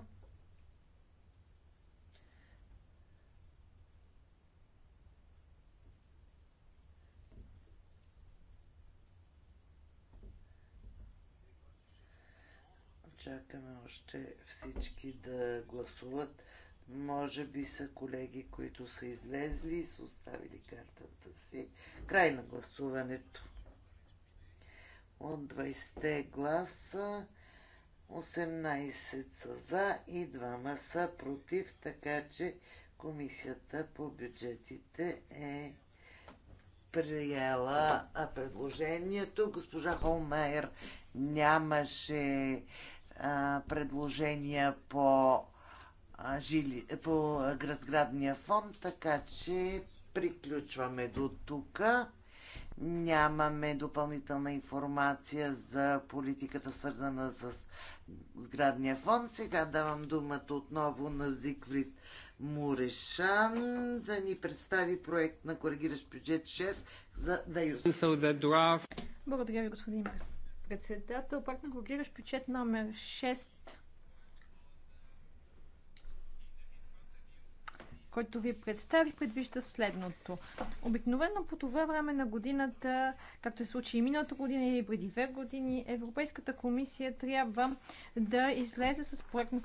чакаме още всички да гласуват. Може би са колеги, които са излезли и са оставили картата си. Край на гласуването. От 20 гласа 18 са за и 2 са против, така че Комисията по бюджетите е приела предложението. Госпожа Холмайер нямаше предложения по, жили, по градсградния фонд, така че приключваме до тук. Нямаме допълнителна информация за политиката свързана с сградния фонд. Сега давам думата отново на Зигфрид Мурешан да ни представи проект на коригиращ бюджет 6 за да Благодаря ви, господин председател председател. Пак на бюджет номер 6, който ви представих, предвижда следното. Обикновено по това време на годината, както се случи и миналата година или преди две години, Европейската комисия трябва да излезе с проект на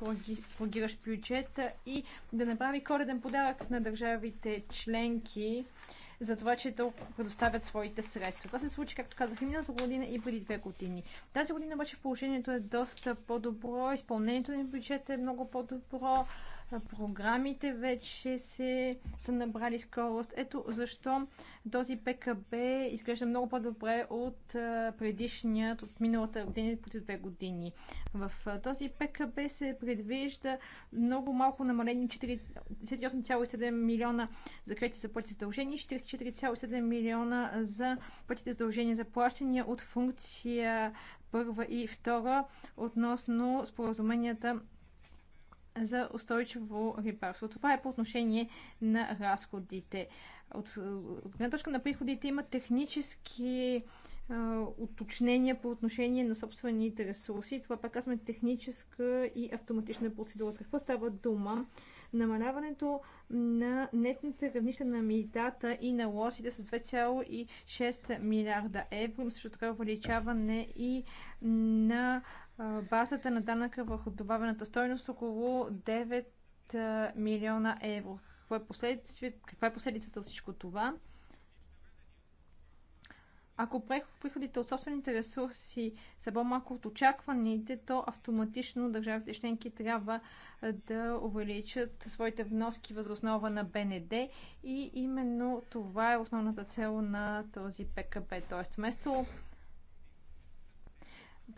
коригиращ бюджет и да направи кореден подарък на държавите членки за това, че толкова предоставят своите средства. Това се случи, както казах, и миналата година и преди две години. Тази година обаче положението е доста по-добро, изпълнението на бюджета е много по-добро, програмите вече се, са набрали скорост. Ето защо този ПКБ изглежда много по-добре от предишният, от миналата година и преди две години. В този ПКБ се предвижда много малко намаление 48,7 милиона за кредити за пъти задължения и 44,7 милиона за пъти задължения за плащания от функция първа и втора относно споразуменията за устойчиво рибарство. Това е по отношение на разходите. От, от гледна точка на приходите има технически уточнения по отношение на собствените ресурси. Това пак казваме техническа и автоматична процедура. какво става дума? Намаляването на нетните равнища на митата и на лосите с 2,6 милиарда евро. Също така увеличаване и на базата на данъка върху добавената стойност около 9 милиона евро. Какво е, каква е последицата от всичко това? Ако приходите от собствените ресурси са по-малко от очакваните, то автоматично държавите членки трябва да увеличат своите вноски въз основа на БНД и именно това е основната цел на този ПКП. Тоест, вместо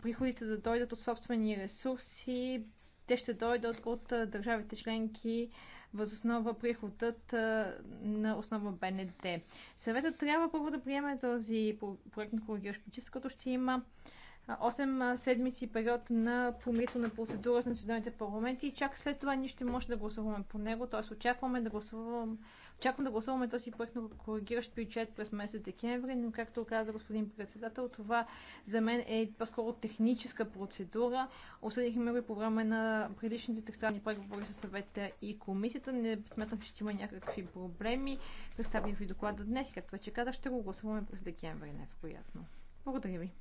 приходите да дойдат от собствени ресурси, те ще дойдат от държавите членки възоснова приходът на основа БНД. Съветът трябва първо да приеме този проект на коригиращ като който ще има 8 седмици период на помирителна процедура с националните парламенти и чак след това ние ще може да гласуваме по него, т.е. очакваме да гласуваме Очаквам да гласуваме този проект на коригиращ бюджет през месец декември, но както каза господин председател, това за мен е по-скоро техническа процедура. Осъдихме го по време на предишните текстуални преговори с съвета и комисията. Не смятам, че има някакви проблеми. Представих ви доклада днес и, както вече казах, ще го гласуваме през декември, невероятно. Благодаря ви.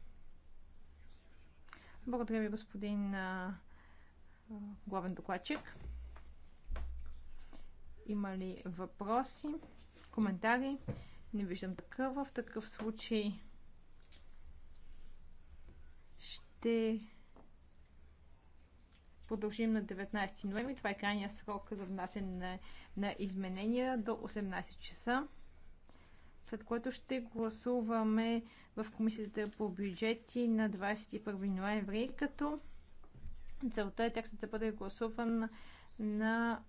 Благодаря ви, господин главен докладчик. Има ли въпроси, коментари? Не виждам такъв. В такъв случай ще продължим на 19 ноември. Това е крайния срок за внасяне на, на изменения до 18 часа, след което ще гласуваме в Комисията по бюджети на 21 ноември, като целта е текстът да бъде гласуван на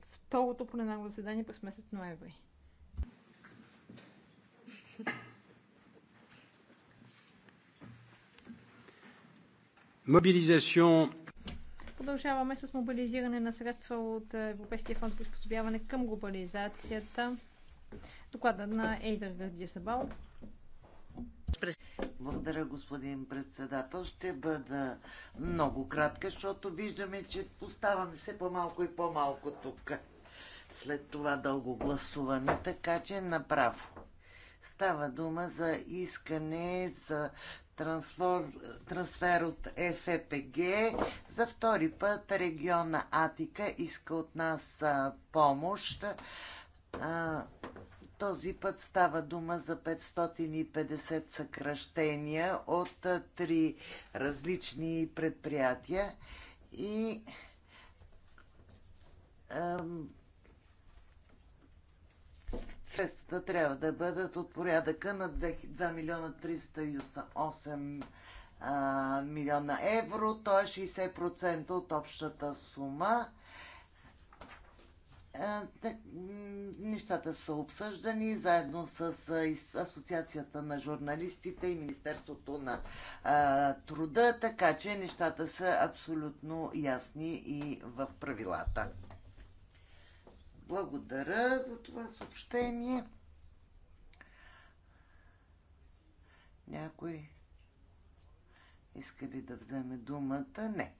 второто пленарно заседание през месец ноември. Мобилизация. Продължаваме с мобилизиране на средства от Европейския фонд за приспособяване към глобализацията. Доклада на Ейдър Гардия Сабал. Благодаря, господин председател. Ще бъда много кратка, защото виждаме, че оставаме все по-малко и по-малко тук. След това дълго гласуване, така че направо. Става дума за искане за трансфер, трансфер от ФПГ. Е за втори път региона Атика иска от нас помощ. Този път става дума за 550 съкръщения от три различни предприятия и средствата трябва да бъдат от порядъка на 2 милиона 308 милиона евро, т.е. 60% от общата сума. Е, нещата са обсъждани заедно с Асоциацията на журналистите и Министерството на труда, така че нещата са абсолютно ясни и в правилата. Благодаря за това съобщение. Някой иска ли да вземе думата? Не.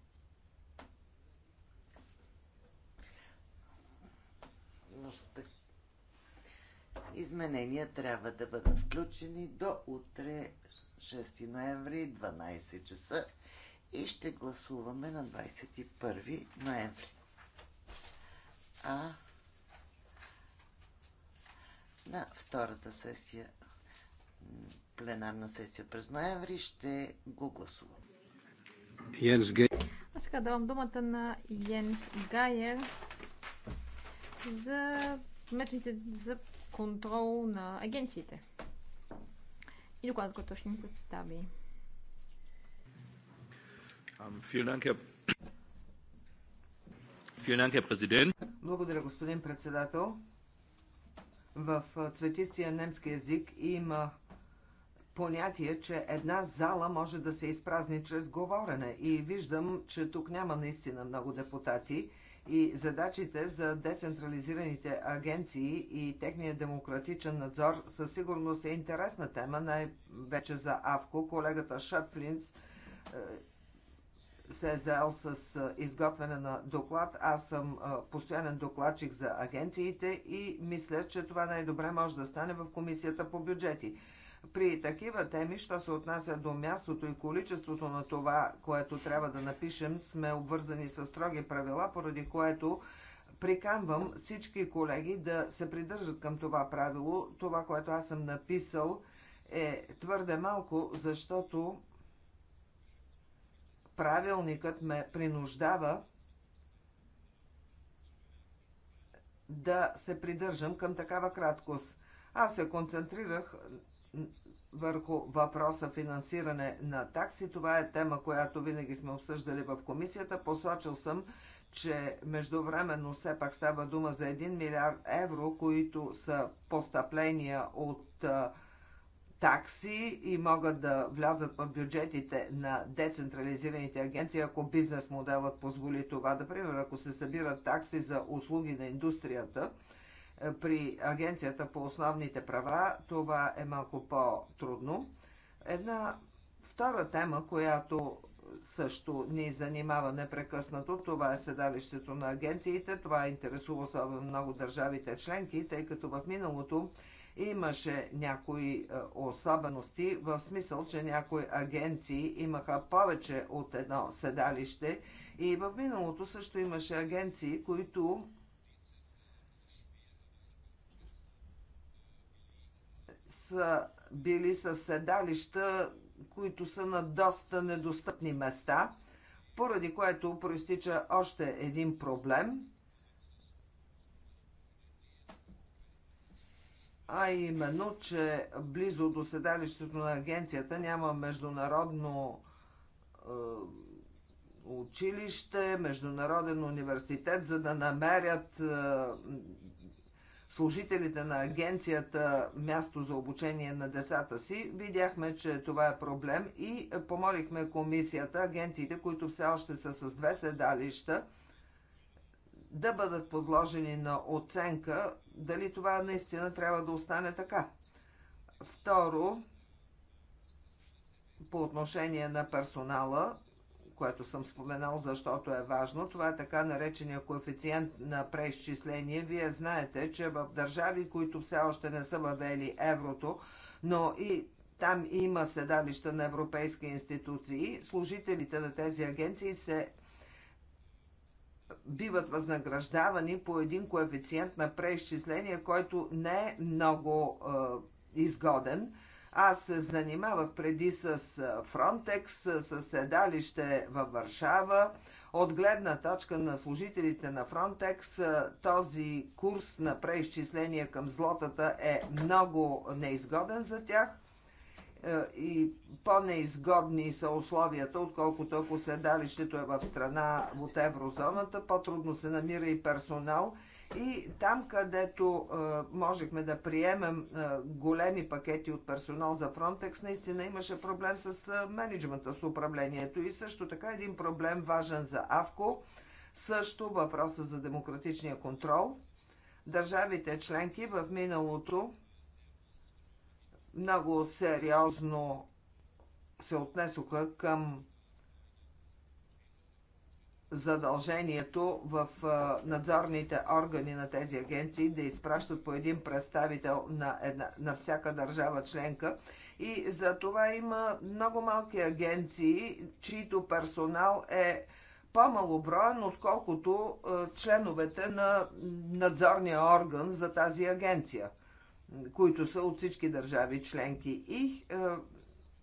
Изменения трябва да бъдат включени до утре 6 ноември 12 часа и ще гласуваме на 21 ноември. А на втората сесия, пленарна сесия през ноември, ще го гласувам. Йенс Гейер. сега давам думата на Йенс Гайер за методите за контрол на агенциите. И докладът, който ще ни представи. Благодаря, господин председател. В цветистия немски язик има понятие, че една зала може да се изпразни чрез говорене. И виждам, че тук няма наистина много депутати и задачите за децентрализираните агенции и техния демократичен надзор със сигурност е интересна тема, най-вече за АВКО. Колегата Шепфлинц е, се е заел с е, изготвяне на доклад. Аз съм е, постоянен докладчик за агенциите и мисля, че това най-добре може да стане в Комисията по бюджети при такива теми, що се отнася до мястото и количеството на това, което трябва да напишем, сме обвързани с строги правила, поради което приканвам всички колеги да се придържат към това правило. Това, което аз съм написал, е твърде малко, защото правилникът ме принуждава да се придържам към такава краткост. Аз се концентрирах върху въпроса финансиране на такси. Това е тема, която винаги сме обсъждали в комисията. Посочил съм, че междувременно все пак става дума за 1 милиард евро, които са постъпления от такси и могат да влязат в бюджетите на децентрализираните агенции, ако бизнес моделът позволи това. например, ако се събират такси за услуги на индустрията – е, при Агенцията по основните права това е малко по-трудно. Една втора тема, която също ни занимава непрекъснато. Това е седалището на агенциите. Това интересува особено много държавите членки, тъй като в миналото имаше някои е, особености, в смисъл, че някои агенции имаха повече от едно седалище и в миналото също имаше агенции, които са били с седалища, които са на доста недостъпни места, поради което проистича още един проблем, а именно, че близо до седалището на агенцията няма международно е, училище, международен университет, за да намерят е, служителите на агенцията място за обучение на децата си, видяхме, че това е проблем и помолихме комисията, агенциите, които все още са с две седалища, да бъдат подложени на оценка дали това наистина трябва да остане така. Второ, по отношение на персонала, което съм споменал, защото е важно. Това е така наречения коефициент на преизчисление. Вие знаете, че в държави, които все още не са въвели еврото, но и там има седалища на европейски институции, служителите на тези агенции се биват възнаграждавани по един коефициент на преизчисление, който не е много е, изгоден аз се занимавах преди с Фронтекс, с седалище във Варшава. От гледна точка на служителите на Фронтекс, този курс на преизчисление към злотата е много неизгоден за тях и по-неизгодни са условията, отколкото ако седалището е в страна от еврозоната, по-трудно се намира и персонал – и там, където можехме да приемем големи пакети от персонал за Фронтекс, наистина имаше проблем с менеджмента, с управлението. И също така един проблем важен за АВКО, също въпроса за демократичния контрол. Държавите членки в миналото много сериозно се отнесоха към задължението в надзорните органи на тези агенции да изпращат по един представител на, една, на всяка държава членка. И за това има много малки агенции, чието персонал е по-малоброен, отколкото членовете на надзорния орган за тази агенция, които са от всички държави членки. И е,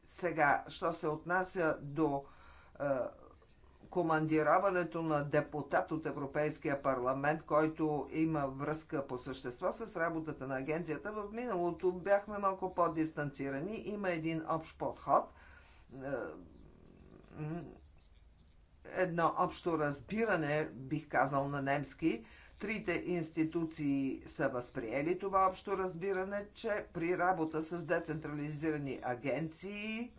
сега, що се отнася до командироването на депутат от Европейския парламент, който има връзка по същество с работата на агенцията. В миналото бяхме малко по-дистанцирани. Има един общ подход, е, едно общо разбиране, бих казал на немски, Трите институции са възприели това общо разбиране, че при работа с децентрализирани агенции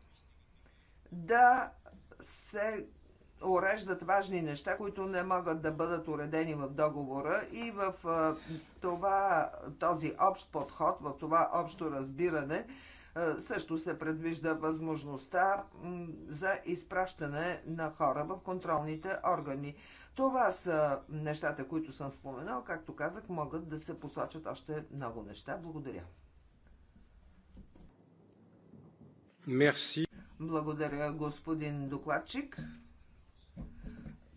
да се уреждат важни неща, които не могат да бъдат уредени в договора и в това, този общ подход, в това общо разбиране, също се предвижда възможността за изпращане на хора в контролните органи. Това са нещата, които съм споменал. Както казах, могат да се посочат още много неща. Благодаря. Мерси. Благодаря, господин докладчик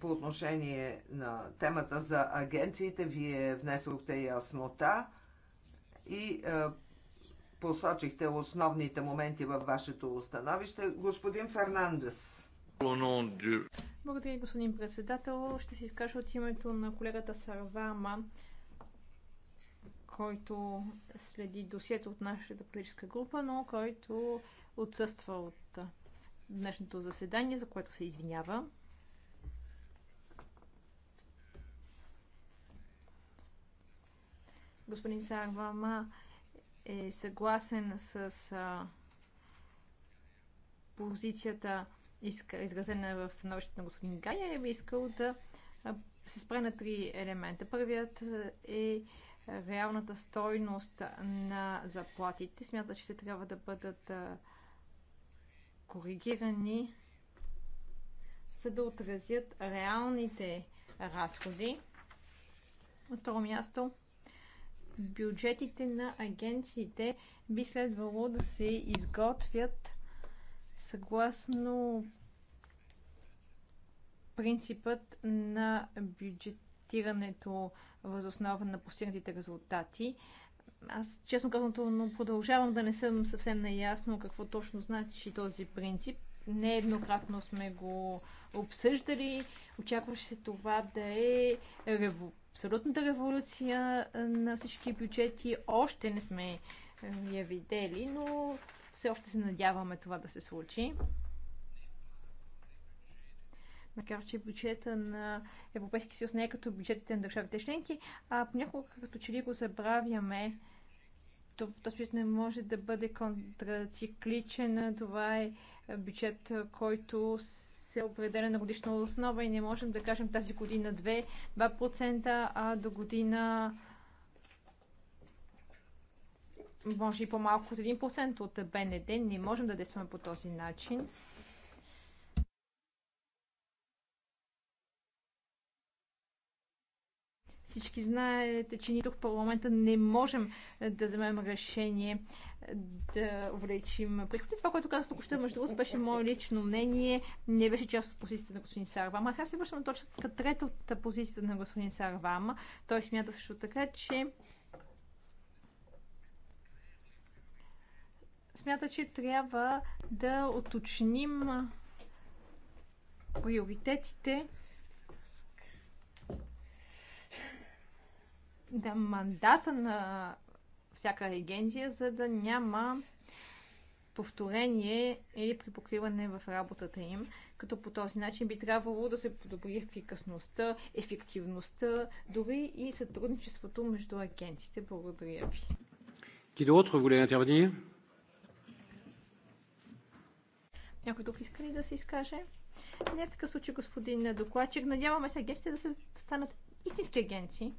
по отношение на темата за агенциите. Вие внесохте яснота и е, посочихте основните моменти във вашето установище. Господин Фернандес. Благодаря, господин председател. Ще се изкажа от името на колегата Сарвама, който следи досието от нашата политическа група, но който отсъства от днешното заседание, за което се извинява. Господин Сарвама е съгласен с а, позицията, изразена в становището на господин Гая, е би искал да се спре на три елемента. Първият е реалната стойност на заплатите. Смята, че те трябва да бъдат коригирани, за да отразят реалните разходи. На второ място бюджетите на агенциите би следвало да се изготвят съгласно принципът на бюджетирането основа на постигнатите резултати. Аз, честно казано, продължавам да не съм съвсем наясно какво точно значи този принцип. Нееднократно сме го обсъждали. Очакваше се това да е революция абсолютната революция на всички бюджети още не сме я видели, но все още се надяваме това да се случи. Макар, че бюджета на Европейския съюз не е като бюджетите на държавите членки, а понякога като че ли го забравяме, то точно не може да бъде контрацикличен. Това е бюджет, който се определя на годишна основа и не можем да кажем тази година 2, 2%, а до година може и по-малко от 1% от БНД. Не можем да действаме по този начин. Всички знаете, че ние тук в парламента не можем е, да вземем решение е, да увеличим приходите. Това, което казах тук ще, между другото, беше мое лично мнение, не беше част от позицията на господин Сарвама. Аз сега се връщам на точка трета от позицията на господин Сарвама. Той смята също така, че смята, че трябва да оточним приоритетите да, мандата на всяка агенция, за да няма повторение или припокриване в работата им, като по този начин би трябвало да се подобри ефикасността, ефективността, дори и сътрудничеството между агенциите. Благодаря ви. Някой друг иска ли да се изкаже? Не в такъв случай, господин докладчик. Надяваме се агенциите да се станат истински агенции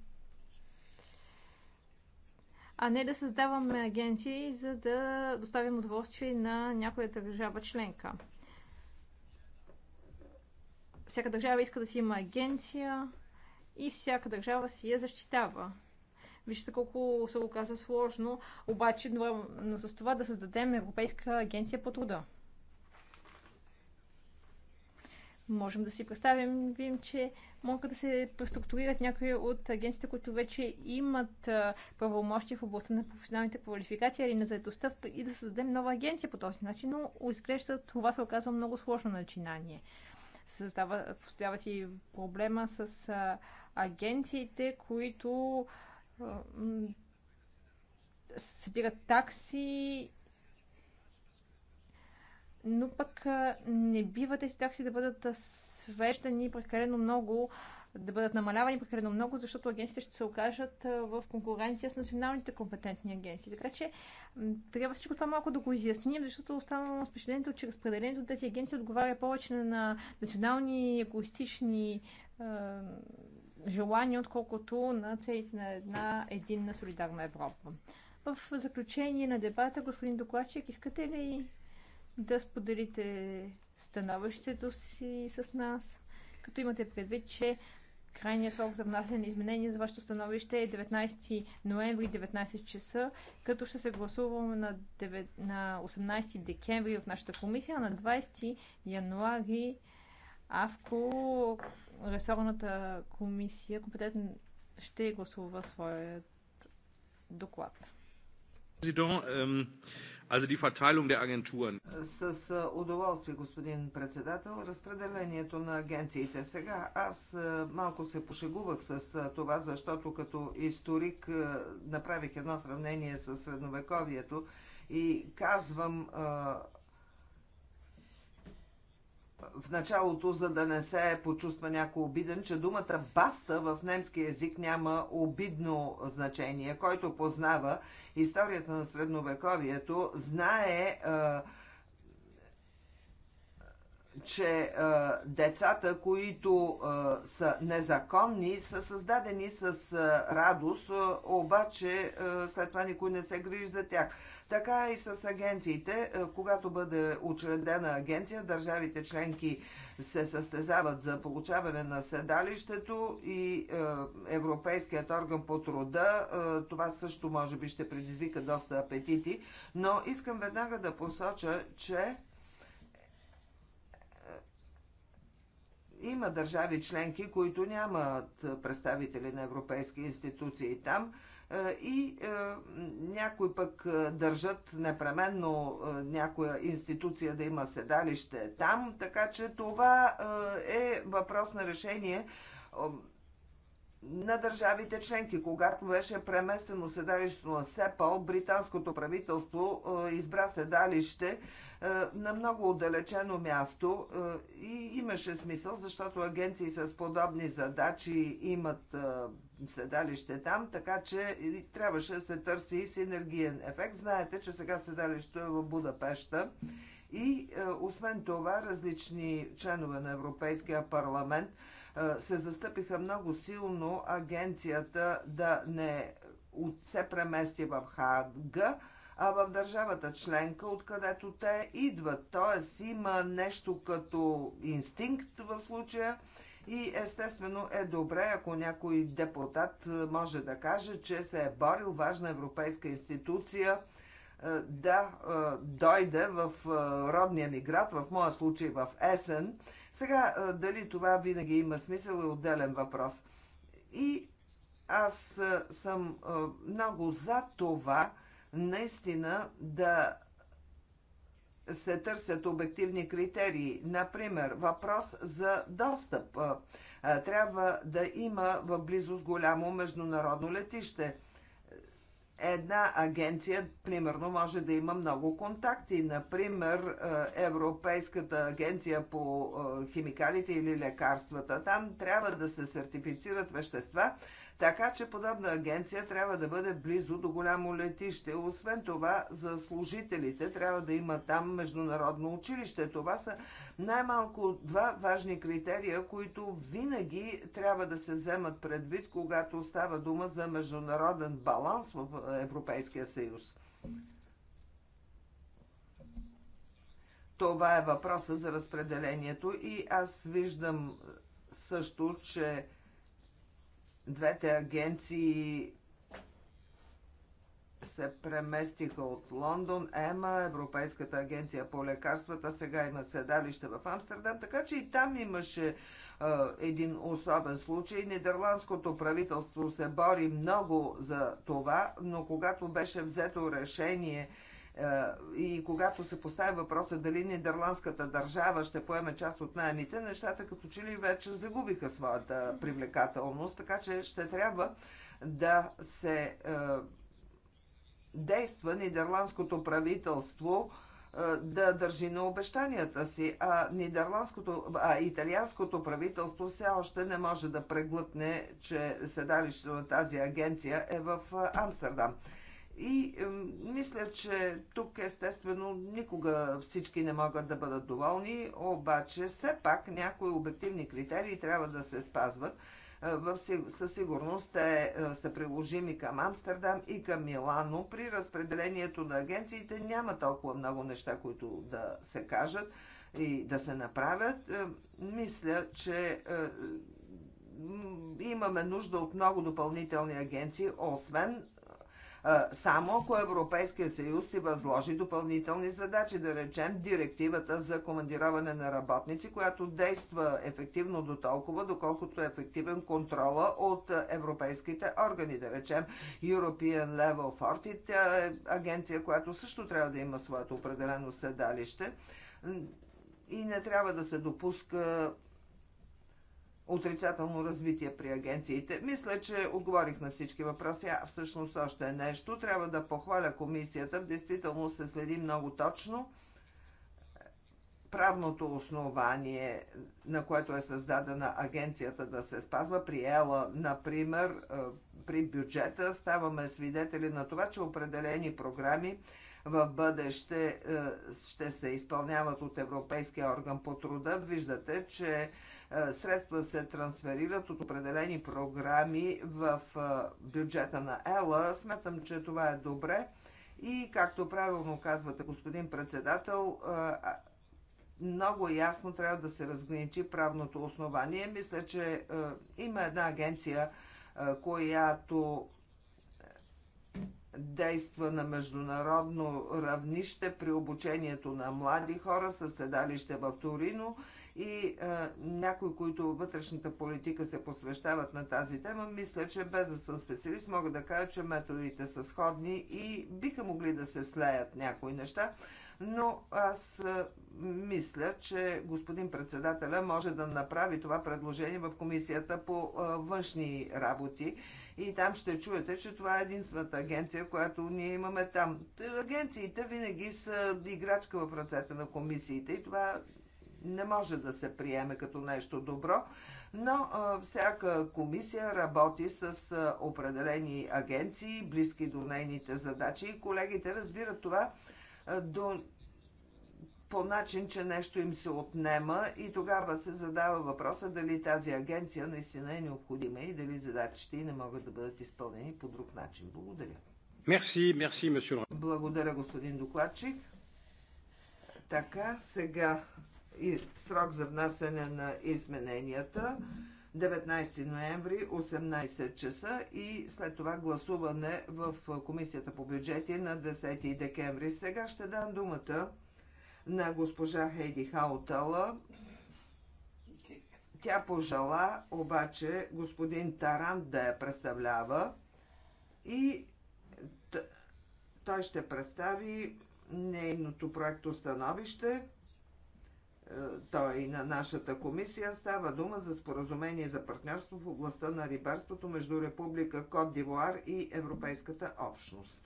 а не да създаваме агенции, за да доставим удоволствие на някоя държава членка. Всяка държава иска да си има агенция и всяка държава си я защитава. Вижте колко се го каза сложно, обаче но с това да създадем Европейска агенция по труда. Можем да си представим, вим, че могат да се преструктурират някои от агенциите, които вече имат правомощи в областта на професионалните квалификации или на заедостта и да създадем нова агенция по този начин, но изглежда това се оказва много сложно начинание. Създава, постоява си проблема с а, агенциите, които а, събират такси но пък не бива тези такси да бъдат свеждани прекалено много, да бъдат намалявани прекалено много, защото агенциите ще се окажат в конкуренция с националните компетентни агенции. Така че трябва всичко това малко да го изясним, защото оставам с впечатлението, че разпределението на тези агенции отговаря повече на национални егоистични е, желания, отколкото на целите на една единна солидарна Европа. В заключение на дебата, господин докладчик, искате ли да споделите становището си с нас, като имате предвид, че крайният срок за внасяне на изменения за вашето становище е 19 ноември 19 часа, като ще се гласуваме на, 9, на 18 декември в нашата комисия, а на 20 януари АВКО, ресорната комисия, компетентно ще гласува своят доклад also die Verteilung der Agenturen. С удоволствие, господин председател, разпределението на агенциите. Сега аз малко се пошегувах с това, защото като историк направих едно сравнение с средновековието и казвам в началото, за да не се почувства някой обиден, че думата баста в немски язик няма обидно значение. Който познава историята на средновековието, знае, е, че е, децата, които е, са незаконни, са създадени с радост, обаче след това никой не се грижи за тях така и с агенциите. Е, когато бъде учредена агенция, държавите членки се състезават за получаване на седалището и е, Европейският орган по труда. Е, това също може би ще предизвика доста апетити, но искам веднага да посоча, че има държави членки, които нямат представители на европейски институции там. Е, и е, някои пък е, държат непременно някоя институция да има седалище там, така че това е въпрос на решение на държавите членки. Когато беше преместено седалището на СЕПАЛ, британското правителство избра седалище на много отдалечено място и имаше смисъл, защото агенции с подобни задачи имат седалище там, така че трябваше да се търси и синергиен ефект. Знаете, че сега седалището е в Будапешта и е, освен това различни членове на Европейския парламент е, се застъпиха много силно агенцията да не се премести в Хага, а в държавата членка, откъдето те идват. Тоест има нещо като инстинкт в случая – и естествено е добре, ако някой депутат е, може да каже, че се е борил важна европейска институция е, да е, дойде в родния ми град, в моя случай в Есен. Сега, дали това винаги има смисъл е отделен въпрос. И аз съм много за това, наистина да се търсят обективни критерии. Например, въпрос за достъп. Трябва да има в близост голямо международно летище. Една агенция, примерно, може да има много контакти. Например, Европейската агенция по химикалите или лекарствата. Там трябва да се сертифицират вещества, така че подобна агенция трябва да бъде близо до голямо летище. Освен това, за служителите трябва да има там международно училище. Това са най-малко два важни критерия, които винаги трябва да се вземат предвид, когато става дума за международен баланс в Европейския съюз. Това е въпроса за разпределението и аз виждам също, че Двете агенции се преместиха от Лондон. ЕМА, Европейската агенция по лекарствата, сега има седалище в Амстердам, така че и там имаше е, един особен случай. Нидерландското правителство се бори много за това, но когато беше взето решение е, и когато се постави въпроса дали нидерландската държава ще поеме част от найемите, нещата като че ли вече загубиха своята привлекателност, така че ще трябва да се е, действа нидерландското правителство е, да държи на обещанията си, а, нидерландското, а италианското правителство все още не може да преглътне, че седалището на тази агенция е в Амстердам. И е, мисля, че тук естествено никога всички не могат да бъдат доволни, обаче все пак някои обективни критерии трябва да се спазват. Е, със сигурност те е, са приложими към Амстердам и към Милано. При разпределението на агенциите няма толкова много неща, които да се кажат и да се направят. Е, мисля, че имаме нужда от много допълнителни агенции, освен само ако Европейския съюз си възложи допълнителни задачи, да речем директивата за командироване на работници, която действа ефективно до толкова, доколкото е ефективен контрола от европейските органи, да речем European Level 40, тя е агенция, която също трябва да има своето определено седалище и не трябва да се допуска отрицателно развитие при агенциите. Мисля, че отговорих на всички въпроси, а всъщност още нещо. Трябва да похваля комисията. Действително се следи много точно правното основание, на което е създадена агенцията да се спазва. При ЕЛА, например, е, при бюджета ставаме свидетели на това, че определени програми в бъдеще е, ще се изпълняват от Европейския орган по труда, виждате, че е, средства се трансферират от определени програми в е, бюджета на ЕЛА. Смятам, че това е добре. И, както правилно казвате, господин председател, много ясно трябва да се разграничи правното основание. Мисля, че има една агенция, която действа на международно равнище при обучението на млади хора със седалище в Торино и а, е, някои, които вътрешната политика се посвещават на тази тема, мисля, че без да съм специалист, мога да кажа, че методите са сходни и биха могли да се слеят някои неща. Но аз а, е, мисля, че господин председателя може да направи това предложение в Комисията по а, е, външни работи и там ще чуете, че това е единствената агенция, която ние имаме там. Агенциите винаги са играчка в ръцете на комисиите и това не може да се приеме като нещо добро, но а, всяка комисия работи с а, определени агенции, близки до нейните задачи и колегите разбират това а, до по начин, че нещо им се отнема и тогава се задава въпроса дали тази агенция наистина е необходима и дали задачите не могат да бъдат изпълнени по друг начин. Благодаря. Мерси, мерси, Благодаря, господин докладчик. Така, сега и срок за внасяне на измененията. 19 ноември, 18 часа и след това гласуване в Комисията по бюджети на 10 декември. Сега ще дам думата на госпожа Хейди Хаутала. Тя пожела обаче господин Тарант да я представлява и той ще представи нейното проекто становище. Е, той на нашата комисия става дума за споразумение за партньорство в областта на рибарството между Република Кот Дивуар и Европейската общност.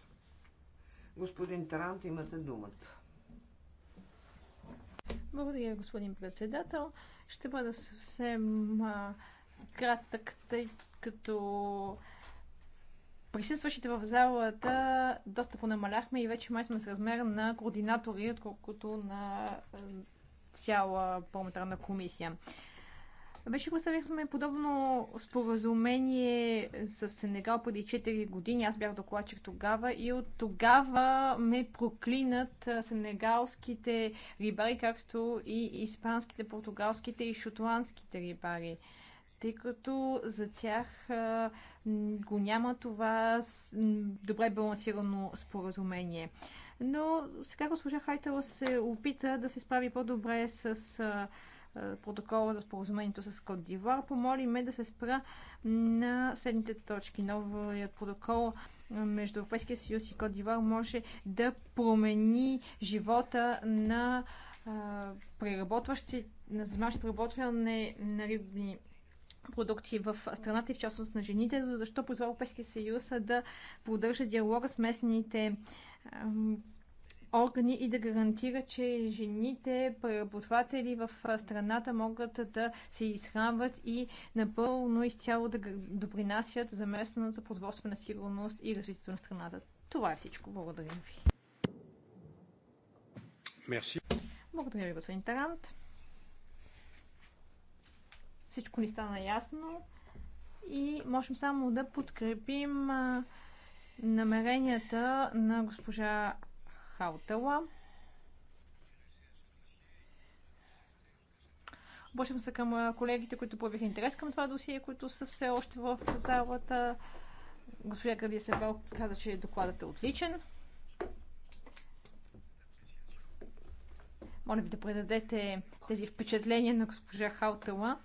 Господин Тарант, имате думата. Благодаря, господин председател. Ще бъда съвсем а, кратък, тъй като присъстващите в залата доста понамаляхме и вече май сме с размер на координатори, отколкото на цяла парламентарна комисия. Беше представихме подобно споразумение с Сенегал преди 4 години. Аз бях докладчик тогава и от тогава ме проклинат сенегалските рибари, както и испанските, португалските и шотландските рибари тъй като за тях го няма това добре балансирано споразумение. Но сега госпожа Хайтел, се опита да се справи по-добре с а, е, протокола за споразумението с Кот Дивуар, помоли ме да се спра на следните точки. Новият протокол е, между Европейския съюз и Кот Дивуар може да промени живота на е, преработващи, на занимаващи преработване на рибни продукти в страната и в частност на жените, защо призва Европейския съюз да поддържа диалога с местните органи и да гарантира, че жените преработватели в страната могат да се изхранват и напълно изцяло да допринасят за местната продоволствена сигурност и развитието на страната. Това е всичко. Благодаря ви. Мерси. Благодаря ви, господин Тарант. Всичко ни стана ясно и можем само да подкрепим намеренията на госпожа Хаутела. Обръщам се към колегите, които проявиха интерес към това досие, които са все още в залата. Госпожа Градия Себел каза, че докладът е отличен. Моля ви да предадете тези впечатления на госпожа Хаутела.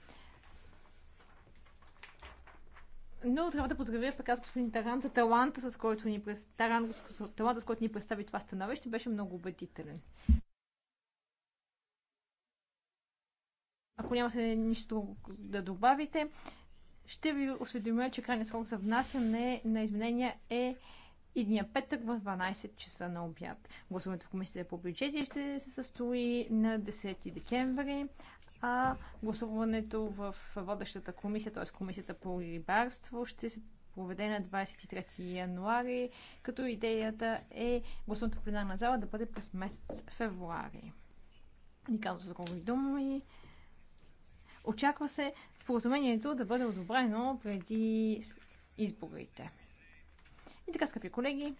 но трябва да поздравя пък аз господин Таран за таланта, с който ни, Таран, таланта, с който ни представи това становище, беше много убедителен. Ако нямате нищо да добавите, ще ви осведомя, че крайният срок за внасяне на изменения е идния петък в 12 часа на обяд. Гласуването в комисията по бюджети ще се състои на 10 декември, а гласуването в водещата комисия, т.е. комисията по рибарство, ще се проведе на 23 януари, като идеята е гласуването в пленарна зала да бъде през месец февруари. Ни казвам с други думи. Очаква се споразумението да бъде одобрено преди изборите. И така, скъпи колеги,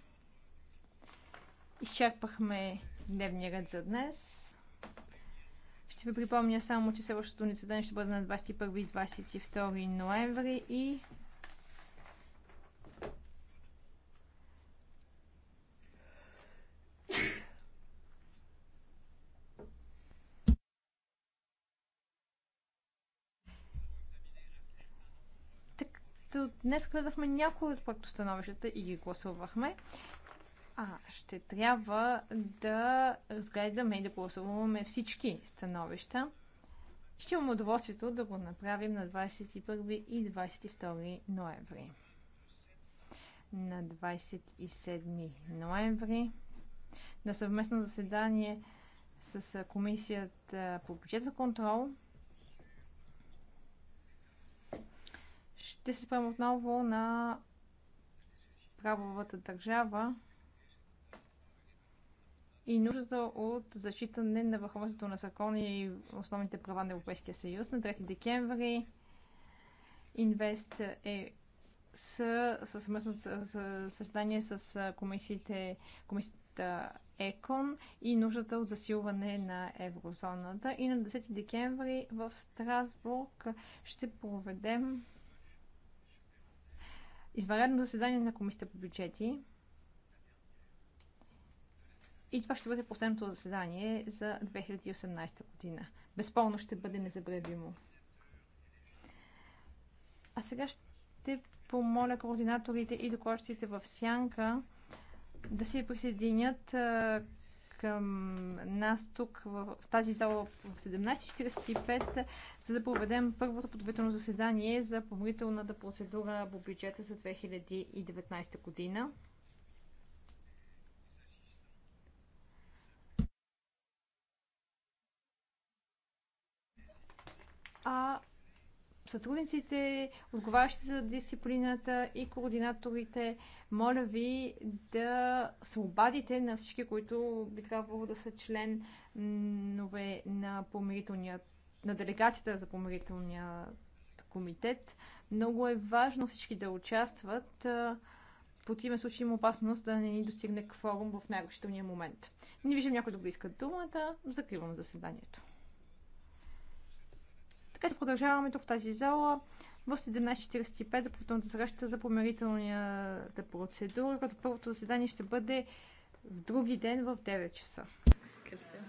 изчерпахме дневния ред за днес. Ще ви припомня само, че следващото ни ден ще бъде на 21 и 22 ноември и Днес гледахме някои от проектостановищата и ги гласувахме. А, ще трябва да разгледаме и да гласуваме всички становища. Ще имам удоволствието да го направим на 21 и 22 ноември. На 27 ноември на съвместно заседание с Комисията по бюджетен контрол – Ще се спрем отново на правовата държава и нуждата от зачитане на върховенството на закони и основните права на Европейския съюз. На 3 декември Инвест е с съвместно съседание с комисиите, комисията ЕКОН и нуждата от засилване на еврозоната. И на 10 декември в Страсбург ще проведем извънредно заседание на Комисията по бюджети. И това ще бъде последното заседание за 2018 година. Безспорно ще бъде незабравимо. А сега ще помоля координаторите и докладчиците в Сянка да се присъединят към нас тук в, в тази зала в 17.45, за да проведем първото подготвително заседание за помогителната процедура по бюджета за 2019 година. А сътрудниците, отговарящи за дисциплината и координаторите, моля ви да се обадите на всички, които би трябвало да са членове на помирителния, на делегацията за помирителния комитет. Много е важно всички да участват. По тиме случай има опасност да не ни достигне кворум в най-решителния момент. Не виждам някой друг да иска думата. Закривам заседанието. Така че продължаваме тук в тази зала в 17.45 за повторната среща за помирителната процедура, като първото заседание ще бъде в други ден в 9 часа. Красиво.